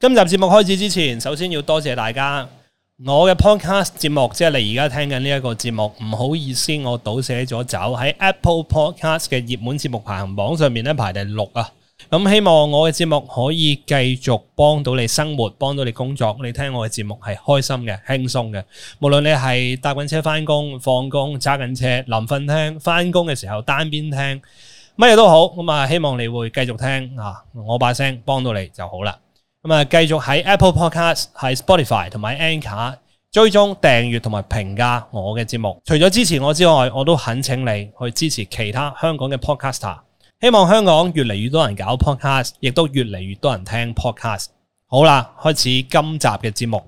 今集節目開始之前，首先要多謝大家。我嘅 podcast 節目，即係你而家聽緊呢一個節目。唔好意思，我倒寫咗走喺 Apple Podcast 嘅熱門節目排行榜上面咧排第六啊。咁、嗯、希望我嘅節目可以繼續幫到你生活，幫到你工作。你聽我嘅節目係開心嘅、輕鬆嘅。無論你係搭緊車返工、放工、揸緊車臨瞓聽、返工嘅時候單邊聽，乜嘢都好。咁、嗯、啊，希望你會繼續聽啊，我把聲幫到你就好啦。咁啊，繼續喺 Apple Podcast、喺 Spotify 同埋 Anchor 追蹤訂閱同埋評價我嘅節目。除咗支持我之外，我都懇請你去支持其他香港嘅 Podcaster。希望香港越嚟越多人搞 Podcast，亦都越嚟越多人聽 Podcast。好啦，開始今集嘅節目。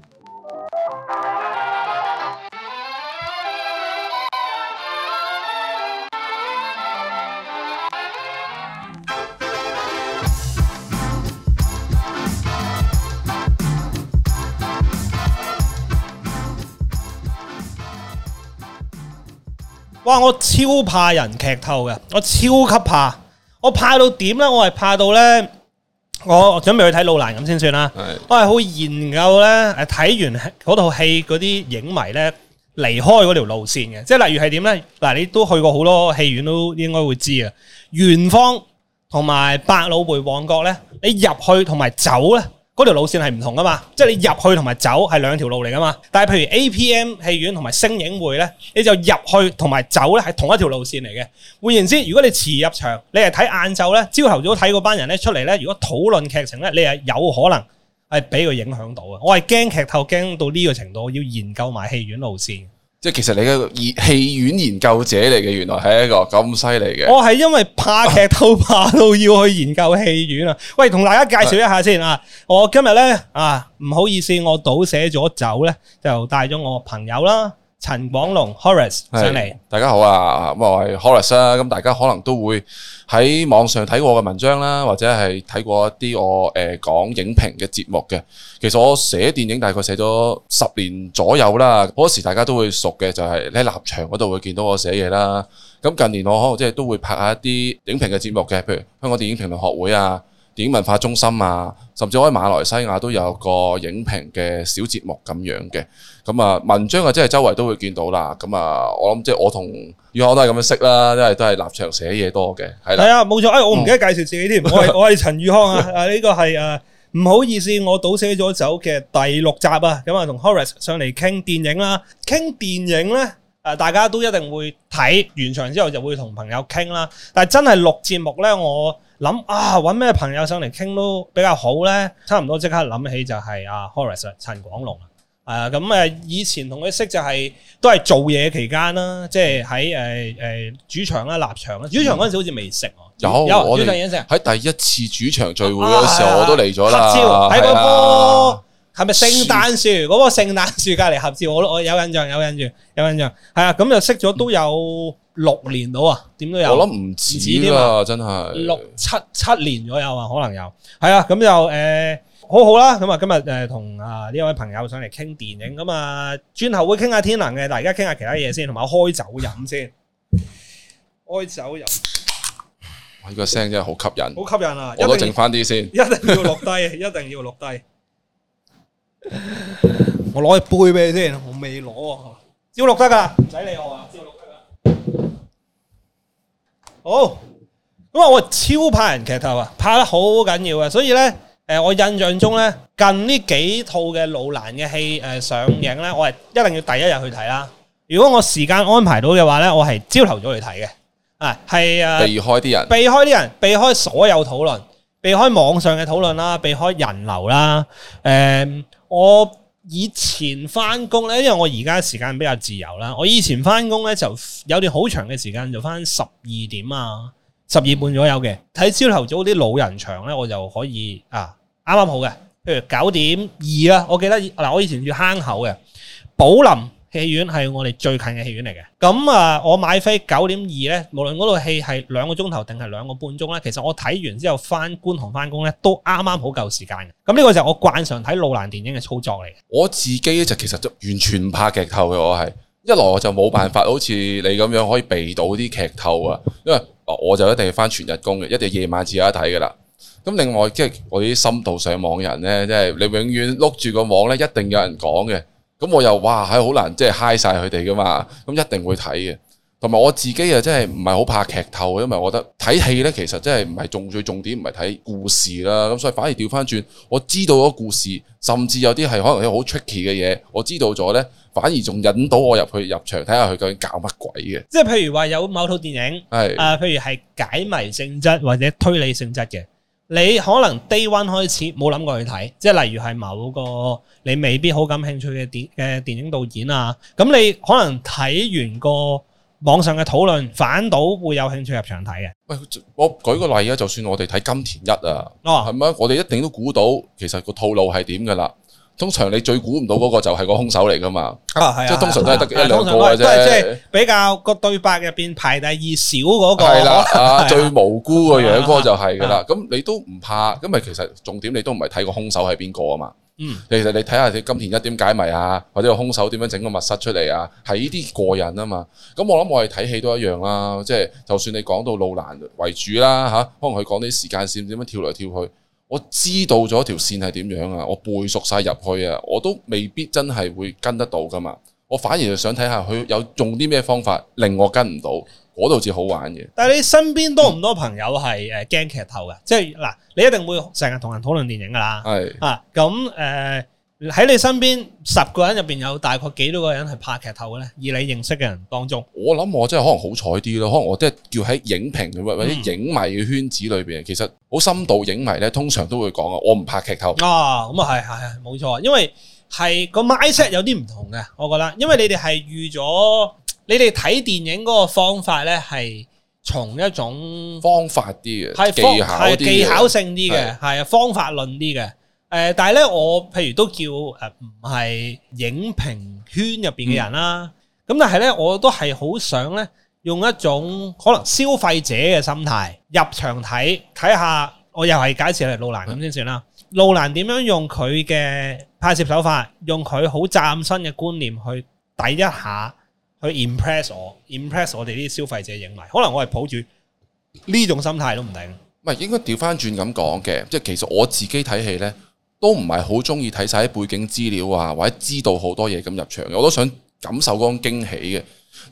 哇！我超怕人劇透嘅，我超級怕，我怕到點呢？我係怕到呢。我準備去睇《路蘭》咁先算啦。是我係好研究呢，睇完嗰套戲嗰啲影迷呢，離開嗰條路線嘅，即係例如係點呢？嗱，你都去過好多戲院，都應該會知啊。圓方同埋百老匯旺角呢，你入去同埋走呢。嗰條路線係唔同噶嘛，即係你入去同埋走係兩條路嚟噶嘛，但係譬如 APM 戲院同埋星影匯呢，你就入去同埋走呢係同一條路線嚟嘅。換言之，如果你遲入場，你係睇晏晝呢，朝頭早睇嗰班人呢，出嚟呢，如果討論劇情呢，你係有可能係俾佢影響到啊！我係驚劇透驚到呢個程度，我要研究埋戲院路線。即其實你個戲院研究者嚟嘅，原來係一個咁犀利嘅。我係因為怕劇透怕到要去研究戲院啊！ 喂，同大家介紹一下先 啊！我今日咧啊，唔好意思，我倒瀉咗酒咧，就帶咗我朋友啦。陳廣隆 Horace 上嚟，大家好啊！咁我係 Horace 啊。咁大家可能都會喺網上睇過我嘅文章啦，或者係睇過一啲我誒講、呃、影評嘅節目嘅。其實我寫電影大概寫咗十年左右啦。嗰時大家都會熟嘅，就係喺立場嗰度會見到我寫嘢啦。咁近年我可能即係都會拍下一啲影評嘅節目嘅，譬如香港電影評論學會啊、電影文化中心啊，甚至我喺馬來西亞都有個影評嘅小節目咁樣嘅。咁啊，文章啊，即係周圍都會見到啦。咁啊，我諗即係我同宇康都係咁樣識啦，因為都係立場寫嘢多嘅。係啦，係啊，冇錯。誒，我唔記得介紹自己添、嗯，我係我係陳宇康啊。 啊，呢、這個係誒，唔、啊、好意思，我倒寫咗走嘅第六集啊。咁啊，同 Horace 上嚟傾電影啦、啊，傾電影咧，誒、啊，大家都一定會睇完場之後就會同朋友傾啦、啊。但係真係錄節目咧，我諗啊，揾咩朋友上嚟傾都比較好咧。差唔多即刻諗起就係啊 Horace 陳廣隆。啊，咁啊，以前同佢識就係、是、都係做嘢期間啦，即係喺誒誒主場啦、立場啦。主場嗰陣時好似未識哦，嗯、主有有主場已經識。喺第一次主場聚會嘅時候，啊啊、我都嚟咗啦。合照喺嗰棵係咪聖誕樹？嗰棵聖誕樹隔籬合照，我我有印象，有印象，有印象。係啊，咁就識咗都有六年到啊，點都有。我諗唔止添啊，真係六七七年左右啊，可能有。係啊，咁又誒。嗯嗯嗯嗯嗯好好啦，咁啊，今日誒同啊呢位朋友上嚟傾電影，咁啊轉頭會傾下天能嘅，但而家傾下其他嘢先，同埋開酒飲先。開酒飲，哇！呢、呢個聲真係好吸引，好吸引啊！我都剩翻啲先一，一定要錄低， 一定要錄低。 我攞去杯俾你先，我未攞喎。照錄得㗎，唔使理我啊，照錄得㗎。好，咁啊，我超怕人劇透啊，怕得好緊要啊，所以咧。誒、呃，我印象中咧，近呢幾套嘅路蘭嘅戲誒、呃、上映咧，我係一定要第一日去睇啦。如果我時間安排到嘅話咧，我係朝頭早去睇嘅。啊，係誒、啊，避開啲人，避開啲人，避開所有討論，避開網上嘅討論啦，避開人流啦。誒、呃，我以前翻工咧，因為我而家時間比較自由啦。我以前翻工咧，就有啲好長嘅時間就翻十二點啊，十二半左右嘅，睇朝頭早啲老人場咧，我就可以啊。啱啱好嘅，譬如九點二啦，我記得嗱，我以前住坑口嘅，寶林戲院係我哋最近嘅戲院嚟嘅。咁啊，我買飛九點二咧，無論嗰套戲係兩個鐘頭定係兩個半鐘咧，其實我睇完之後翻觀塘翻工咧，都啱啱好夠時間嘅。咁呢個就我慣常睇路蘭電影嘅操作嚟嘅。我自己咧就其實就完全唔怕劇透嘅，我係一來我就冇辦法好似你咁樣可以避到啲劇透啊，因為我就一定係翻全日工嘅，一定夜晚至有得睇噶啦。咁另外即係我啲深度上網嘅人咧，即係你永遠碌住個網咧，一定有人講嘅。咁我又哇，係好難即係 high 曬佢哋㗎嘛。咁一定會睇嘅。同埋我自己啊，即係唔係好怕劇透，因為我覺得睇戲咧，其實即係唔係重最重點，唔係睇故事啦。咁所以反而調翻轉，我知道個故事，甚至有啲係可能有好出奇嘅嘢，我知道咗咧，反而仲引到我入去入場睇下佢究竟搞乜鬼嘅。即係譬如話有某套電影係啊是、呃，譬如係解謎性質或者推理性質嘅。你可能 day one 開始冇諗過去睇，即係例如係某個你未必好感興趣嘅電嘅電影導演啊，咁你可能睇完個網上嘅討論，反倒會有興趣入場睇嘅。喂，我舉個例啊，就算我哋睇金田一啊，哦，係咪？我哋一定都估到其實個套路係點㗎啦。通常你最估唔到嗰個就係個兇手嚟噶嘛，即係、啊啊、通常都係得一兩個嘅啫，即係比較個對白入邊排第二少嗰、那個，啦、啊，最無辜嘅樣哥就係噶啦。咁、啊、你都唔怕，咁咪其實重點你都唔係睇個兇手係邊個啊嘛。嗯，其實你睇下你金田一點解謎啊，或者個兇手點樣整個密室出嚟啊，係呢啲過癮啊嘛。咁我諗我係睇戲都一樣啦，即係就算你講到路蘭為主啦嚇、啊，可能佢講啲時間線點樣跳嚟跳去。我知道咗條線係點樣啊，我背熟晒入去啊，我都未必真係會跟得到噶嘛，我反而就想睇下佢有用啲咩方法令我跟唔到，嗰度至好玩嘅。但係你身邊多唔多朋友係誒驚劇透嘅？ 即係嗱，你一定會成日同人討論電影噶啦。係是啊，咁誒。呃喺你身邊十個人入邊有大概幾多個人係怕劇透嘅咧？以你認識嘅人當中，我諗我真係可能好彩啲咯，可能我真係叫喺影評或者影迷嘅圈子裏邊，其實好深度影迷咧，通常都會講啊，我唔怕劇透啊。咁啊係係係冇錯，因為係個 mindset 有啲唔同嘅，是我覺得，因為你哋係預咗，你哋睇電影嗰個方法咧，係從一種方法啲嘅，係技巧，係技巧性啲嘅，係啊方法論啲嘅。誒、呃，但係咧，我譬如都叫誒，唔、呃、係影評圈入邊嘅人啦、啊。咁、嗯、但係咧，我都係好想咧，用一種可能消費者嘅心態入場睇，睇下我又係介紹嚟路難路蘭咁先算啦。嗯、路蘭點樣用佢嘅拍攝手法，用佢好嶄新嘅觀念去抵一下，去 impress 我，impress 我哋啲消費者影迷。可能我係抱住呢種心態都唔定。唔係應該調翻轉咁講嘅，即係其實我自己睇戲咧。都唔係好中意睇晒啲背景資料啊，或者知道好多嘢咁入場嘅，我都想感受嗰種驚喜嘅。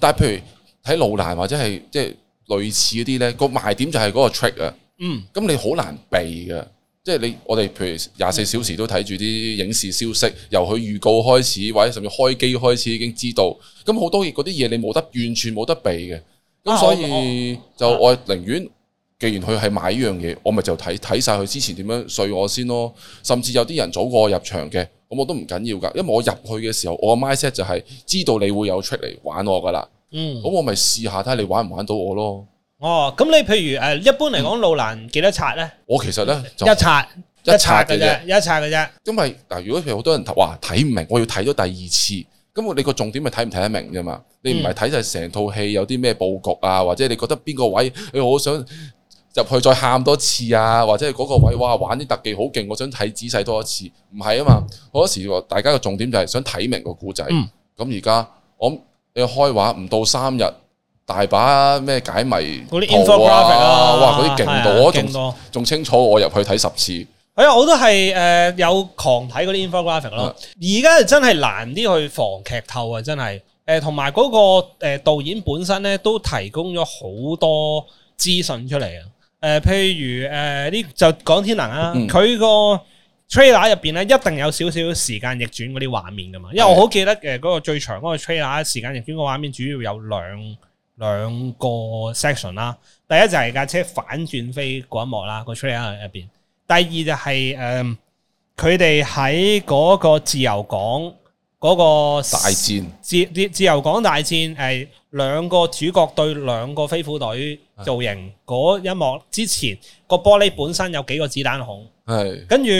但係譬如睇路蘭，或者係即係類似嗰啲，呢個賣點就係嗰個 trick 啊。嗯，咁你好難避嘅，即係你我哋譬如廿四小時都睇住啲影視消息，由佢預告開始，或者甚至開機開始已經知道。咁好多嘢，嗰啲嘢你冇得完全冇得避嘅。咁所以就我寧願。既然佢係買呢樣嘢，我咪就睇睇晒佢之前點樣碎我先咯。甚至有啲人早過我入場嘅，咁我都唔緊要噶，因為我入去嘅時候，我個 mindset 就係知道你會有出嚟玩我噶啦。嗯，咁我咪試下睇下你玩唔玩到我咯。哦，咁你譬如誒，一般嚟講，路蘭幾多刷呢？我其實咧一刷一刷嘅啫，一刷嘅啫。一因為嗱，如果譬如好多人話睇唔明，我要睇咗第二次，咁我你個重點咪睇唔睇得明啫嘛？你唔係睇晒成套戲有啲咩布局啊，或者你覺得邊個位、哎、我想。哎入去再喊多次啊，或者係嗰個位哇，玩啲特技好勁，我想睇仔細多一次。唔係啊嘛，好多時大家嘅重點就係想睇明個故仔。咁而家我開畫唔到三日，大把咩解謎嗰啲 infographic 啊，啊哇，嗰啲勁多，仲仲、啊、清楚。我入去睇十次，係啊、哎，我都係誒有狂睇嗰啲 infographic 咯。而家真係難啲去防劇透啊，真係。誒、呃，同埋嗰個誒導演本身咧都提供咗好多資訊出嚟啊。誒、呃，譬如誒，呢、呃、就講天能啊，佢、嗯、個 trailer 入邊咧，一定有少少時間逆轉嗰啲畫面噶嘛，因為我好記得誒，嗰個最長嗰個 trailer 時間逆轉個畫面主要有兩兩個 section 啦，第一就係架車反轉飛嗰一幕啦，個 trailer 入邊；第二就係、是、誒，佢哋喺嗰個自由港嗰個大戰自自由港大戰係兩、呃、個主角對兩個飛虎隊。造型嗰一幕之前個玻璃本身有幾個子彈孔，係是跟住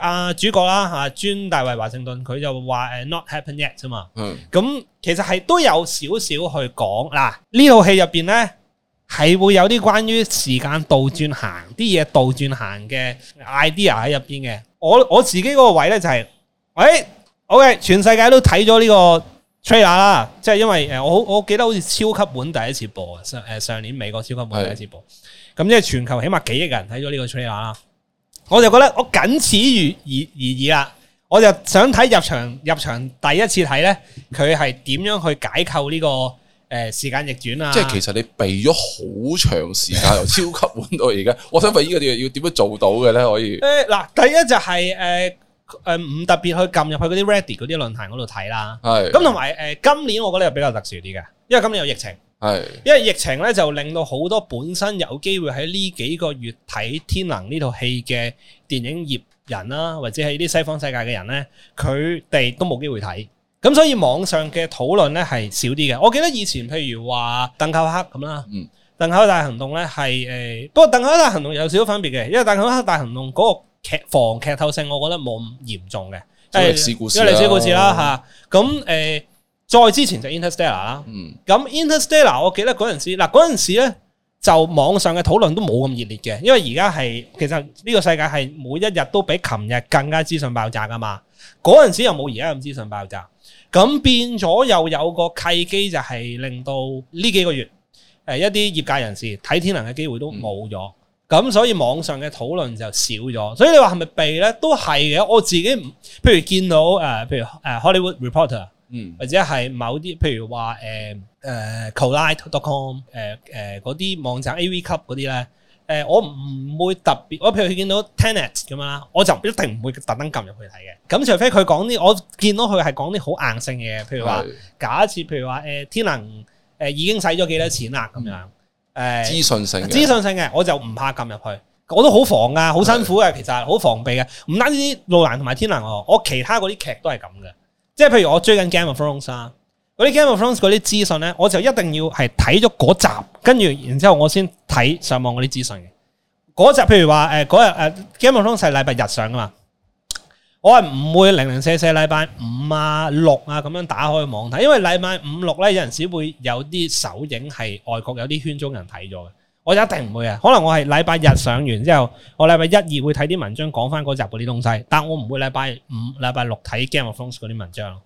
阿、啊、主角啦吓，尊、啊、大衛華盛頓佢就話誒、uh,，not happen yet 啫嘛，嗯是，咁其實係都有少少去講嗱，戲，呢套戲入邊咧係會有啲關於時間倒轉行啲嘢倒轉行嘅 idea 喺入邊嘅，我我自己嗰個位咧就係、是，喂 OK 全世界都睇咗呢個。trailer 啦，即係因為誒，我我記得好似超級碗第一次播啊，上誒、呃、上年美國超級碗第一次播，咁是的 即係全球起碼幾億人睇咗呢個 trailer 啦。我就覺得我僅此於而而，而而已啦，我就想睇入場入場第一次睇咧，佢係點樣去解構呢、這個誒、呃、時間逆轉啊？即係其實你避咗好長時間 由超級碗到而家，我想問呢個要要點樣做到嘅咧？可以？誒，嗱，第一就係、是、誒。呃誒，唔、呃、特別去撳入去嗰啲 Reddit 嗰啲論壇嗰度睇啦。係是的。咁同埋誒，今年我覺得又比較特殊啲嘅，因為今年有疫情。係。是的 因為疫情咧，就令到好多本身有機會喺呢幾個月睇《天能》呢套戲嘅電影業人啦、啊，或者係啲西方世界嘅人咧，佢哋都冇機會睇。咁所以網上嘅討論咧係少啲嘅。我記得以前譬如話《鄧寇克》咁啦、嗯，嗯、呃，《鄧寇克大行動》咧係誒，不過《鄧寇克大行動》有少少分別嘅，因為《鄧寇克大行動》嗰個。劇防劇透性，我覺得冇咁嚴重嘅，即係歷史故事，因為歷史故事啦吓。咁誒、哦啊，再之前就 Interstellar 啦、嗯。咁 Interstellar，我記得嗰陣時，嗱嗰陣時咧，就網上嘅討論都冇咁熱烈嘅，因為而家係其實呢個世界係每一日都比琴日更加資訊爆炸㗎嘛。嗰陣時又冇而家咁資訊爆炸，咁變咗又有個契機，就係令到呢幾個月，誒一啲業界人士睇天能嘅機會都冇咗。嗯咁所以網上嘅討論就少咗，所以你話係咪避咧？都係嘅。我自己唔，譬如見到誒、呃，譬如誒《Hollywood Reporter》，嗯，或者係某啲，譬如話誒誒、呃、Collide.com，誒、呃、誒嗰、呃、啲網站 AV Club 嗰啲咧，誒、呃、我唔會特別，我譬如見到 Tenet 咁樣啦，我就一定唔會特登撳入去睇嘅。咁除非佢講啲，我見到佢係講啲好硬性嘅，譬如話、嗯、假設，譬如話誒、呃、天能誒、呃、已經使咗幾多錢啦咁樣。嗯嗯。哎、資訊性，資訊性嘅我就唔怕撳入去，我都好防㗎，好辛苦嘅，是的 其實好防備嘅。唔單止啲路蘭同埋天能我，其他嗰啲劇都係咁嘅。即係譬如我追緊《Game of Thrones》，嗰啲《Game of Thrones》嗰啲資訊咧，我就一定要係睇咗嗰集，跟住然之後我先睇上網嗰啲資訊嘅。嗰集譬如話誒嗰日誒《Game of Thrones》係禮拜日上噶嘛。我係唔會零零舍舍禮拜五啊六啊咁樣打開網睇，因為禮拜五六呢，有陣時會有啲首映係外國有啲圈中人睇咗嘅，我一定唔會啊！可能我係禮拜日上完之後，我禮拜一二會睇啲文章講返嗰集嗰啲東西，但我唔會禮拜五、禮拜六睇 Game of Thrones 嗰啲文章。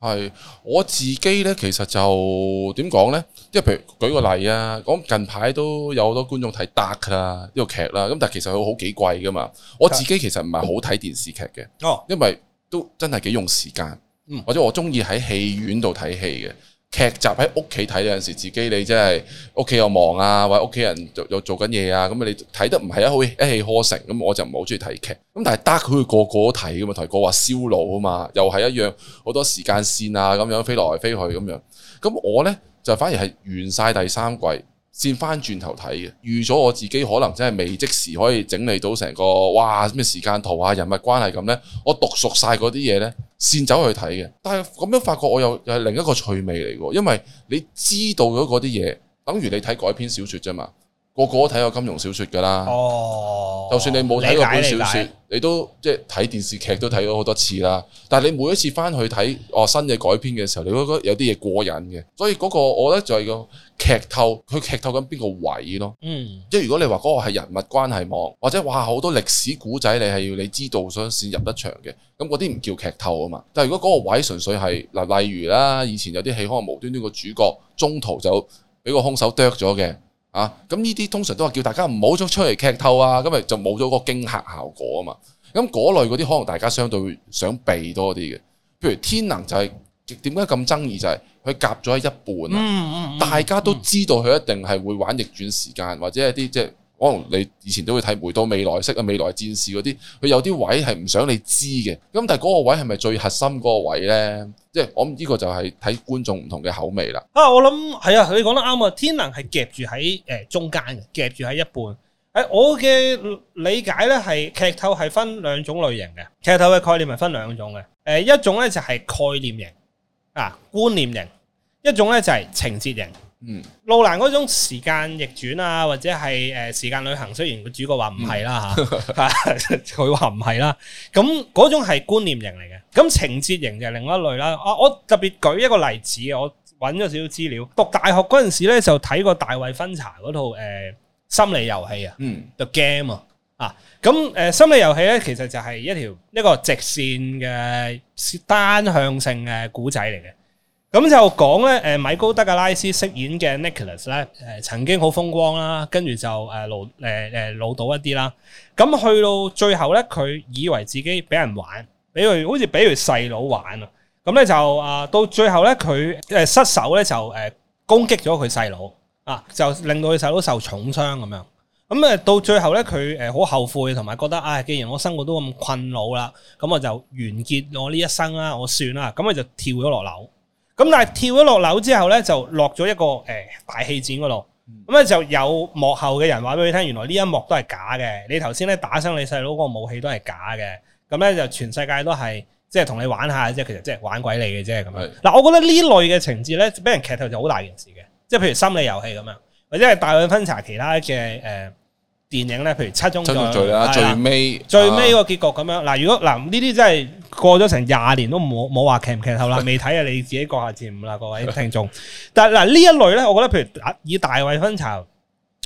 係我自己咧，其實就點講咧？即係譬如舉個例啊，咁近排都有好多觀眾睇 Dark 啦呢個劇啦，咁、這個、但係其實佢好幾貴㗎嘛。我自己其實唔係好睇電視劇嘅，哦、因為都真係幾用時間。嗯、或者我中意喺戲院度睇戲嘅。劇集喺屋企睇有陣時，自己你真係屋企又忙啊，或者屋企人又又做緊嘢啊，咁你睇得唔係啊，好一氣呵成咁，我就唔係好中意睇劇。咁但係得佢個個睇咁啊，台哥話燒腦啊嘛，又係一樣好多時間線啊，咁樣飛來飛去咁樣。咁我呢，就反而係完晒第三季先翻轉頭睇嘅，預咗我自己可能真係未即時可以整理到成個哇咩嘅時間圖啊，人物關係咁、啊、呢，我讀熟晒嗰啲嘢呢。先走去睇嘅，但係咁樣發覺我又又係另一個趣味嚟喎，因為你知道咗嗰啲嘢，等於你睇改編小説啫嘛。個個都睇過金庸小説噶啦，哦、就算你冇睇過本小説，你都即係睇電視劇都睇咗好多次啦。但係你每一次翻去睇哦新嘅改編嘅時候，你都覺得有啲嘢過癮嘅，所以嗰個我覺得就係個。劇透，佢劇透緊邊個位咯，即係、嗯、如果你話嗰個係人物關係網，或者話好多歷史古仔，你係要你知道想先入得場嘅，咁嗰啲唔叫劇透啊嘛。但係如果嗰個位純粹係嗱，例如啦，以前有啲戲可能無端端個主角中途就俾個兇手剁咗嘅，啊，咁呢啲通常都係叫大家唔好咗出嚟劇透啊，咁咪就冇咗嗰個驚嚇效果啊嘛。咁嗰類嗰啲可能大家相對想避多啲嘅，譬如天能就係、是。點解咁爭議就係佢夾咗喺一半啊！嗯嗯、大家都知道佢一定係會玩逆轉時間，嗯、或者一啲即係可能你以前都會睇回到未來式啊、未來戰士嗰啲，佢有啲位係唔想你知嘅。咁但係嗰個位係咪最核心嗰個位咧？即係我呢個就係睇觀眾唔同嘅口味啦。啊，我諗係啊，佢講得啱啊！天能係夾住喺誒中間嘅，夾住喺一半。誒、呃，我嘅理解咧係劇透係分兩種類型嘅，劇透嘅概念係分兩種嘅。誒，一種咧就係概念型。嗱、啊，觀念型一種咧就係、是、情節型，嗯，路蘭嗰種時間逆轉啊，或者係誒時間旅行，雖然個主角話唔係啦吓，佢話唔係啦，咁嗰、嗯、 種係觀念型嚟嘅，咁情節型就係另一類啦。啊，我特別舉一個例子，我揾咗少少資料，讀大學嗰陣時咧就睇過大衛芬查嗰套誒、呃、心理遊戲啊，嗯 The Game 啊。啊，咁、嗯、誒，心理遊戲咧，其實就係一條一個直線嘅單向性嘅古仔嚟嘅。咁、嗯、就講咧，誒，米高德格拉斯飾演嘅 Nicholas 咧，誒、呃，曾經好風光啦，跟住就誒、呃呃、老誒誒老到一啲啦。咁、嗯、去到最後咧，佢以為自己俾人玩，比如好似俾佢細佬玩啊。咁、嗯、咧就啊、呃，到最後咧，佢誒失手咧就誒、呃、攻擊咗佢細佬啊，就令到佢細佬受重傷咁樣。咁啊，到最後咧，佢誒好後悔，同埋覺得啊、哎，既然我生活都咁困惱啦，咁我就完結我呢一生啦、啊，我算啦，咁佢就跳咗落樓。咁但係跳咗落樓之後咧，就落咗一個誒、欸、大氣展嗰度，咁咧就有幕後嘅人話俾你聽，原來呢一幕都係假嘅，你頭先咧打傷你細佬個武器都係假嘅，咁咧就全世界都係即係同你玩下，即係其實即係玩鬼你嘅啫咁樣。嗱是的、啊，我覺得類呢類嘅情節咧，俾人劇透就好大件事嘅，即係譬如心理遊戲咁樣，或者係大量分查其他嘅誒。呃電影呢，譬如七宗罪啦，啊啊、最尾、啊、最尾個結局咁樣。嗱，如果嗱呢啲真係過咗成廿年都冇冇話劇唔劇透啦，劇劇 未睇啊，你自己過下節目啦，各位聽眾。 但嗱呢一類呢，我覺得譬如以大衛分巢。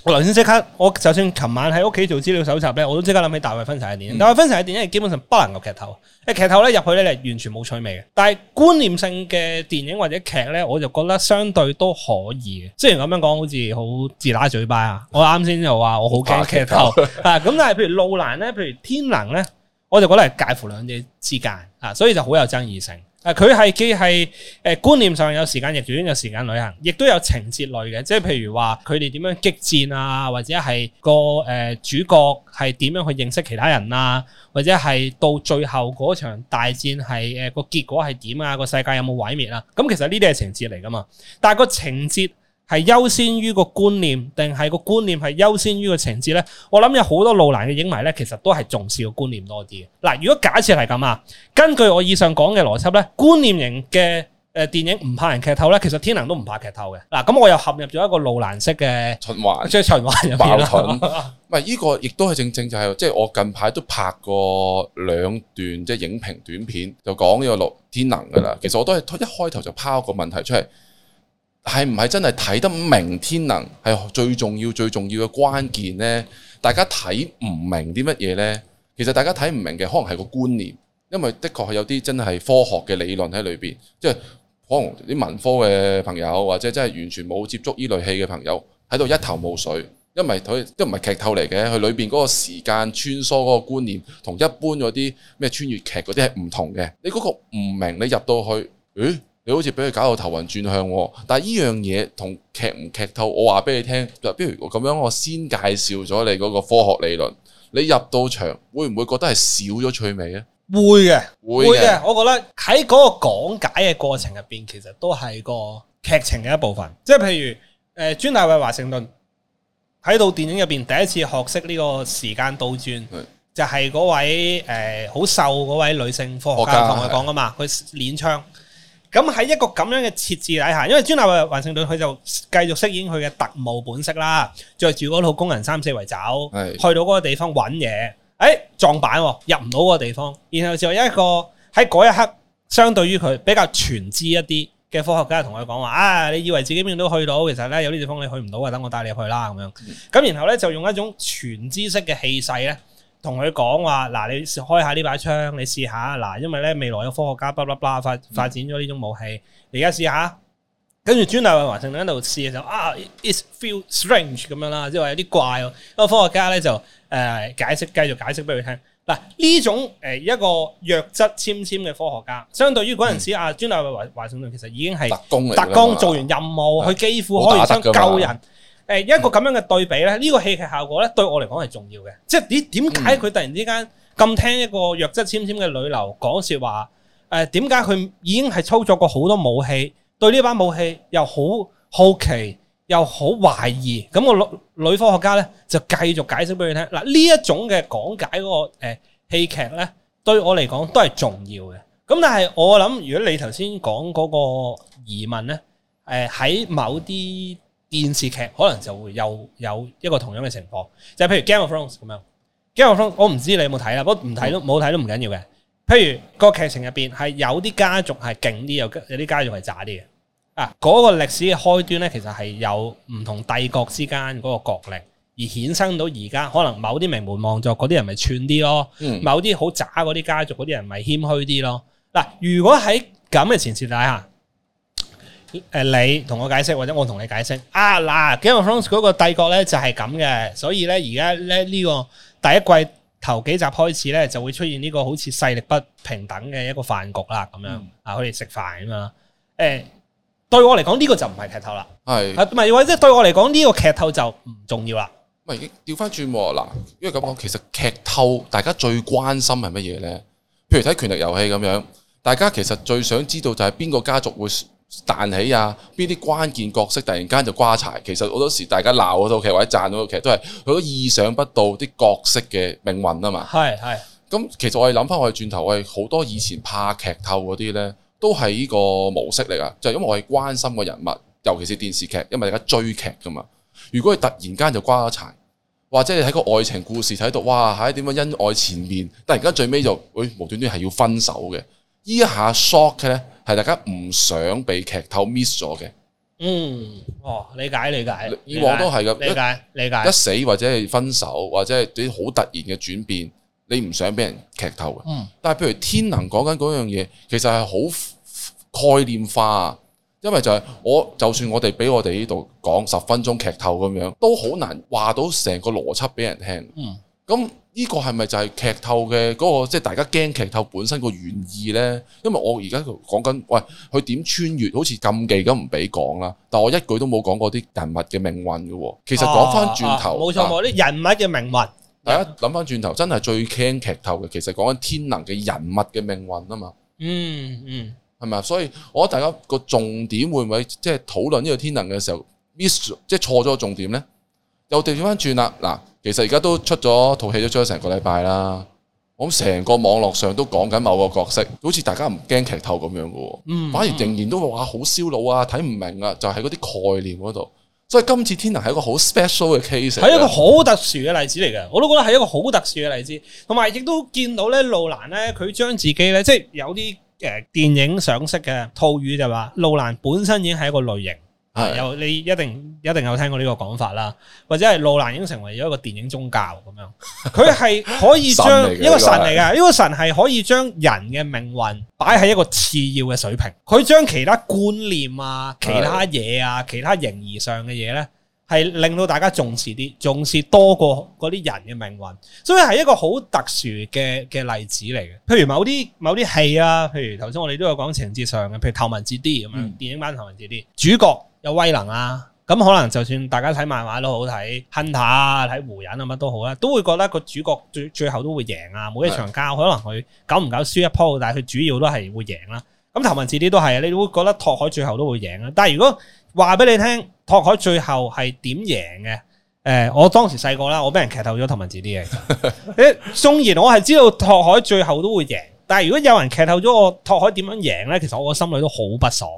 我頭先即刻，我就算琴晚喺屋企做資料搜集咧，我都即刻諗起《大衛·芬奇》嘅電影。嗯，《大衛·芬奇》嘅電影係基本上不能夠劇透，誒，劇透咧入去咧係完全冇趣味嘅。但係觀念性嘅電影或者劇咧，我就覺得相對都可以嘅。雖然咁樣講，好似好自打嘴巴啊！我啱先就話我好驚劇透啊。咁 但係譬如路蘭咧，譬如天能咧，我就覺得係介乎兩者之間啊，所以就好有爭議性。誒佢係既係誒、呃、觀念上有時間逆轉，有時間旅行，亦都有情節類嘅，即係譬如話佢哋點樣激戰啊，或者係個誒、呃、主角係點樣去認識其他人啊，或者係到最後嗰場大戰係誒個結果係點啊，個世界有冇毀滅啊？咁、嗯、其實呢啲係情節嚟噶嘛，但係個情節係優先於個觀念，定係個觀念係優先於個情節咧？我諗有好多路蘭嘅影迷咧，其實都係重視個觀念多啲。嗱，如果假設係咁啊，根據我以上講嘅邏輯咧，觀念型嘅誒電影唔怕人劇透咧，其實天能都唔怕劇透嘅。嗱、啊，咁我又陷入咗一個路蘭式嘅循環，即係循環入去啦。唔係蠢 個，亦都係正正就係即係我近排都拍過兩段即係、就是、影評短片，就講呢個路天能噶啦。其實我都係一開頭就拋個問題出嚟。係唔係真係睇得明天能係最重要最重要嘅關鍵呢？大家睇唔明啲乜嘢呢？其實大家睇唔明嘅可能係個觀念，因為的確係有啲真係科學嘅理論喺裏邊，即係可能啲文科嘅朋友或者真係完全冇接觸呢類戲嘅朋友，喺度一頭霧水，因為佢都唔係劇透嚟嘅，佢裏邊嗰個時間穿梭嗰個觀念同一般嗰啲咩穿越劇嗰啲係唔同嘅。你嗰個唔明，你入到去，嗯？你好似俾佢搞到頭暈轉向，但係呢樣嘢，同劇唔劇透，我話俾你聽，就比如咁樣，我先介紹咗你嗰個科學理論，你入到場會唔會覺得係少咗趣味啊？會嘅，會嘅，我覺得喺嗰個講解嘅過程入邊，其實都係個劇情嘅一部分。即係譬如誒、尊，呃、大偉華盛頓喺度電影入邊第一次學識呢個時間倒轉，是就係嗰位誒好、呃、瘦嗰位女性科學家同佢講噶嘛，佢練槍。咁喺一個咁樣嘅設置底下，因為朱立華、黃聖頓佢就繼續飾演佢嘅特務本色啦，著住嗰套工人三四圍走，是的 去到嗰個地方揾嘢，誒、欸、撞板入唔到嗰個地方，然後就一個喺嗰一刻，相對於佢比較全知一啲嘅科學家同佢講話，啊，你以為自己邊都去到，其實呢，有啲地方你去唔到啊，等我帶你去啦咁樣，咁然後呢，就用一種全知式嘅氣勢咧。同佢講話，嗱，你開下呢把槍，你試下，嗱，因為咧未來有科學家巴啦巴拉發展咗呢種武器，你而家試下。跟住，專大衛華盛頓喺度試嘅時候，啊，it feel strange 咁樣啦，即係話有啲怪。咁啊，科學家咧就誒、呃、解釋，繼續解釋俾佢聽。嗱，呢種誒、呃、一個弱質纖纖嘅科學家，相對於嗰陣時阿、嗯、專大衛華盛頓，其實已經係特工嚟，特工做完任務，佢幾乎可以將救人。誒，一個咁樣嘅對比咧，呢個戲劇效果咧對我嚟講係重要嘅。即係點點解佢突然之間咁聽一個弱質纖纖嘅女流講説話？誒點解佢已經係操作過好多武器，對呢班武器又好好奇，又好懷疑。咁我女女科學家咧就繼續解釋俾佢聽。嗱，呢一種嘅講解嗰個誒戲劇咧，對我嚟講都係重要嘅。咁但係我諗，如果你頭先講嗰個疑問咧，誒喺某啲。電視劇可能就會有有一個同樣嘅情況，就係譬如 Game of Thrones 咁樣，Game of Thrones 我唔知你有冇睇啦，不過唔睇都冇睇好都唔緊要嘅。譬如、個劇情入邊係有啲家族係勁啲，有有啲家族係渣啲嘅。啊，嗰、個歷史嘅開端咧，其實係有唔同帝國之間嗰個角力而衍生到而家，可能某啲名門望族嗰啲人咪串啲咯，嗯、某啲好渣嗰啲家族嗰啲人咪謙虛啲咯。嗱、啊，如果喺咁嘅前設底下。誒，你同我解釋，或者我同你解釋啊？嗱，Game of Thrones 嗰個帝國咧，就係咁嘅，所以咧而家咧呢個第一季頭幾集開始咧就會出現呢個好似勢力不平等嘅一個飯局啦，咁樣、嗯、啊，可以食飯啊嘛。誒、欸，對我嚟講呢個就唔係劇透啦，係唔係？或者對我嚟講呢個劇透就唔重要啦。喂，調翻轉嗱，因為咁講，其實劇透大家最關心係乜嘢咧？譬如睇《權力遊戲》咁樣，大家其實最想知道就係邊個家族會彈起啊！邊啲關鍵角色突然間就瓜柴，其實好多時大家鬧嗰套劇或者讚嗰套劇都係佢都意想不到啲角色嘅命運啊嘛。係係。咁其實我哋諗翻我哋轉頭，我哋好多以前怕劇透嗰啲呢，都係呢個模式嚟噶，就因為我係關心個人物，尤其是電視劇，因為大家追劇噶嘛。如果你突然間就瓜柴，或者你睇個愛情故事睇到哇，喺點樣恩愛前面，但而家最尾就誒無端端係要分手嘅，依一下 shock 嘅。係大家唔想被劇透 miss 咗嘅，嗯，哦，理解理解，以往都係嘅，理解理解，一，理解一死或者係分手或者係啲好突然嘅轉變，你唔想俾人劇透嘅，嗯，但係譬如天能講緊嗰樣嘢，其實係好概念化，因為就係、係、我就算我哋俾我哋呢度講十分鐘劇透咁樣，都好難話到成個邏輯俾人聽，嗯，咁。呢個係咪就係劇透嘅嗰個，即係大家驚劇透本身個原意咧？因為我而家講緊，喂，佢點穿越，好似禁忌咁唔俾講啦。但我一句都冇講過啲人物嘅命運嘅喎。其實講翻轉頭，冇錯冇錯啲人物嘅命運。人大家諗翻轉頭，真係最驚劇透嘅。其實講緊天能嘅人物嘅命運啊嘛。嗯嗯，係咪啊？所以我覺得大家個重點會唔會即係討論呢個天能嘅時候 miss，即係錯咗重點咧？又調翻轉啦嗱。其實而家都出咗套戲，都出咗成個禮拜啦。我諗成個網絡上都講緊某個角色，好似大家唔驚劇透咁樣噶嗯嗯，反而仍然都話好燒腦啊，睇唔明啊，就係嗰啲概念嗰度。所以今次天能係一個好 special 嘅 case，係一個好特殊嘅例子嚟嘅。我都覺得係一個好特殊嘅例子。同埋亦都見到咧，路蘭咧，佢將自己咧，即係有啲誒電影賞識嘅套語就話，路蘭本身已經係一個類型。係，又你一定一定有聽過呢個講法啦，或者係路蘭已經成為咗一個電影宗教咁樣，佢係可以將 的一個神嚟嘅，一 個神係可以將人嘅命運擺喺一個次要嘅水平，佢將其他觀念啊、的其他嘢啊、其他形而上嘅嘢呢，係令到大家重視啲，重視多過嗰啲人嘅命運，所以係一個好特殊嘅嘅例子嚟嘅。譬如某啲某啲戲啊，譬如頭先我哋都有講情節上嘅，譬如頭文字 D 咁啊，樣嗯、電影版頭文字 D 主角。有威能啊，咁、嗯、可能就算大家睇漫畫都好睇 Hunter 睇湖人啊乜都好啦，都會覺得個主角最最後都會贏啊！每一場交，可能佢搞唔搞輸一鋪，但係佢主要都係會贏啦、啊。咁、嗯《頭文字 D》都係，你會覺得拓海最後都會贏啊！但係如果話俾你聽，拓海最後係點贏嘅？誒、呃，我當時細個啦，我俾人劇透咗《頭文字 D》嘢。誒，縱然我係知道拓海最後都會贏，但係如果有人劇透咗我拓海點樣贏咧，其實我個心裏都好不爽。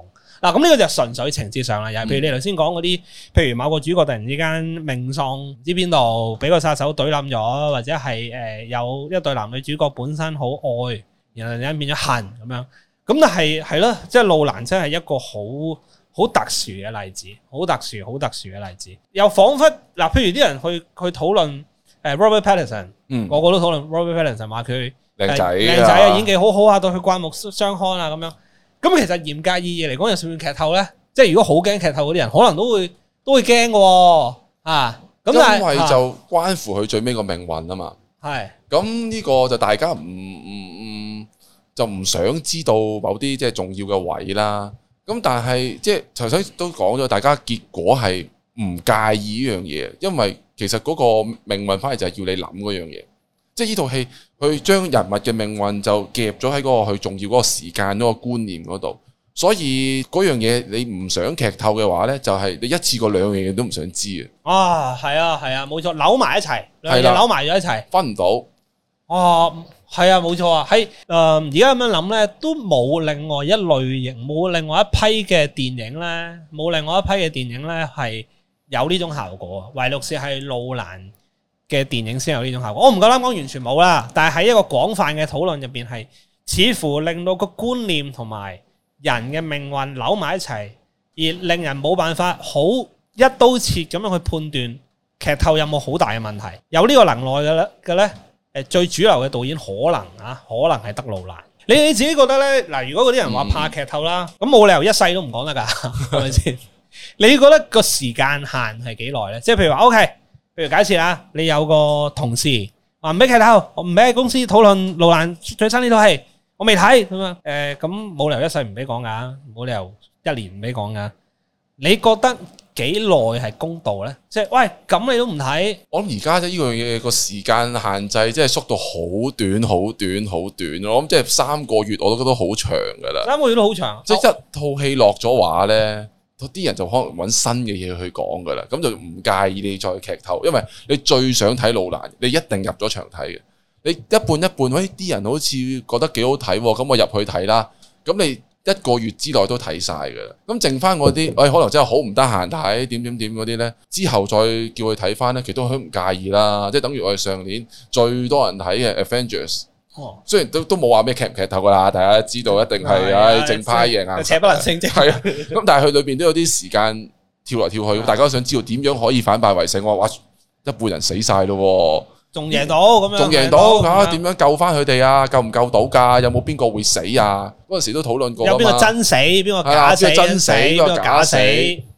嗱，咁呢、啊這個就純粹情節上啦，又係譬如你頭先講嗰啲，譬如某個主角突然之間命喪唔知邊度，俾個殺手懟冧咗，或者係誒有一對男女主角本身好愛，然後而家變咗恨咁樣，咁但係係咯，即係路蘭真係一個好好特殊嘅例子，好特殊好特殊嘅例子，又仿佛嗱，譬如啲人去去討論誒 Robert Pattinson，嗯，個個都討論 Robert Pattinson，話佢靚仔靚仔啊，靚仔演技好好啊，到佢刮目相看啊，咁樣。咁其實嚴格意義嚟講就算劇透咧？即係如果好驚劇透嗰啲人，可能都會都會驚嘅、哦、啊！咁但係就關乎佢最尾個命運啊嘛。係咁呢個就大家唔唔唔就唔想知道某啲即係重要嘅位啦。咁但係即係頭先都講咗，大家結果係唔介意呢樣嘢，因為其實嗰個命運反嚟就係要你諗嗰樣嘢。即係呢套戲，佢將人物嘅命運就夾咗喺嗰個佢重要嗰個時間嗰個觀念嗰度，所以嗰樣嘢你唔想劇透嘅話呢，就係、是、你一次過兩樣嘢都唔想知啊！啊，係啊，係啊，冇錯，扭埋一齊，兩樣扭埋咗一齊，分唔到。哦，係啊，冇錯啊。喺誒，而家咁樣諗呢，都冇另外一類型，冇另外一批嘅電影呢。冇另外一批嘅電影呢，係有呢種效果。唯六氏係路蘭。嘅電影先有呢種效果，我唔夠膽講完全冇啦。但係喺一個廣泛嘅討論入邊，係似乎令到個觀念同埋人嘅命運扭埋一齊，而令人冇辦法好一刀切咁樣去判斷劇透有冇好大嘅問題。有呢個能耐嘅咧，嘅咧，誒最主流嘅導演可能啊，可能係德路蘭。你你自己覺得咧？嗱，如果嗰啲人話怕劇透啦，咁冇、嗯、理由一世都唔講得噶，係咪先？你覺得個時間限係幾耐咧？即係譬如話，O K。OK, 譬如解釋啊，你有個同事話唔俾劇透，唔俾喺公司討論《路蘭》最新呢套戲，我未睇咁樣。誒，咁冇理由一世唔俾講噶，冇理由一年唔俾講噶。你覺得幾耐係公道咧？即係，喂，咁你都唔睇？我諗而家啫，呢樣嘢個時間限制即係縮到好短、好短、好短。我諗即係三個月，我都覺得好長噶啦。三個月都好長，即係一套戲落咗畫咧。嗯啲人就可能揾新嘅嘢去講噶啦，咁就唔介意你再劇透，因為你最想睇路蘭，你一定入咗場睇嘅。你一半一半，喂、哎，啲人好似覺得幾好睇，咁我入去睇啦。咁你一個月之內都睇晒噶啦，咁剩翻嗰啲，喂、哎，可能真係好唔得閒睇，點點點嗰啲呢。之後再叫佢睇翻咧，其實都唔介意啦，即、就、係、是、等於我哋上年最多人睇嘅 Avengers。哦、雖然都都冇話咩劇唔劇透噶啦，大家知道一定係唉正派贏，且不能勝。係啊，咁但係佢裏邊都有啲時間跳來跳去，的大家都想知道點樣可以反敗為勝。我話哇，一半人死晒咯，仲贏到咁樣，仲贏到噶？點到、啊、樣救翻佢哋啊？救唔救到噶？有冇邊個會死啊？嗰陣時都討論過。有邊個真死，邊個假死？真死邊個假死真死個假死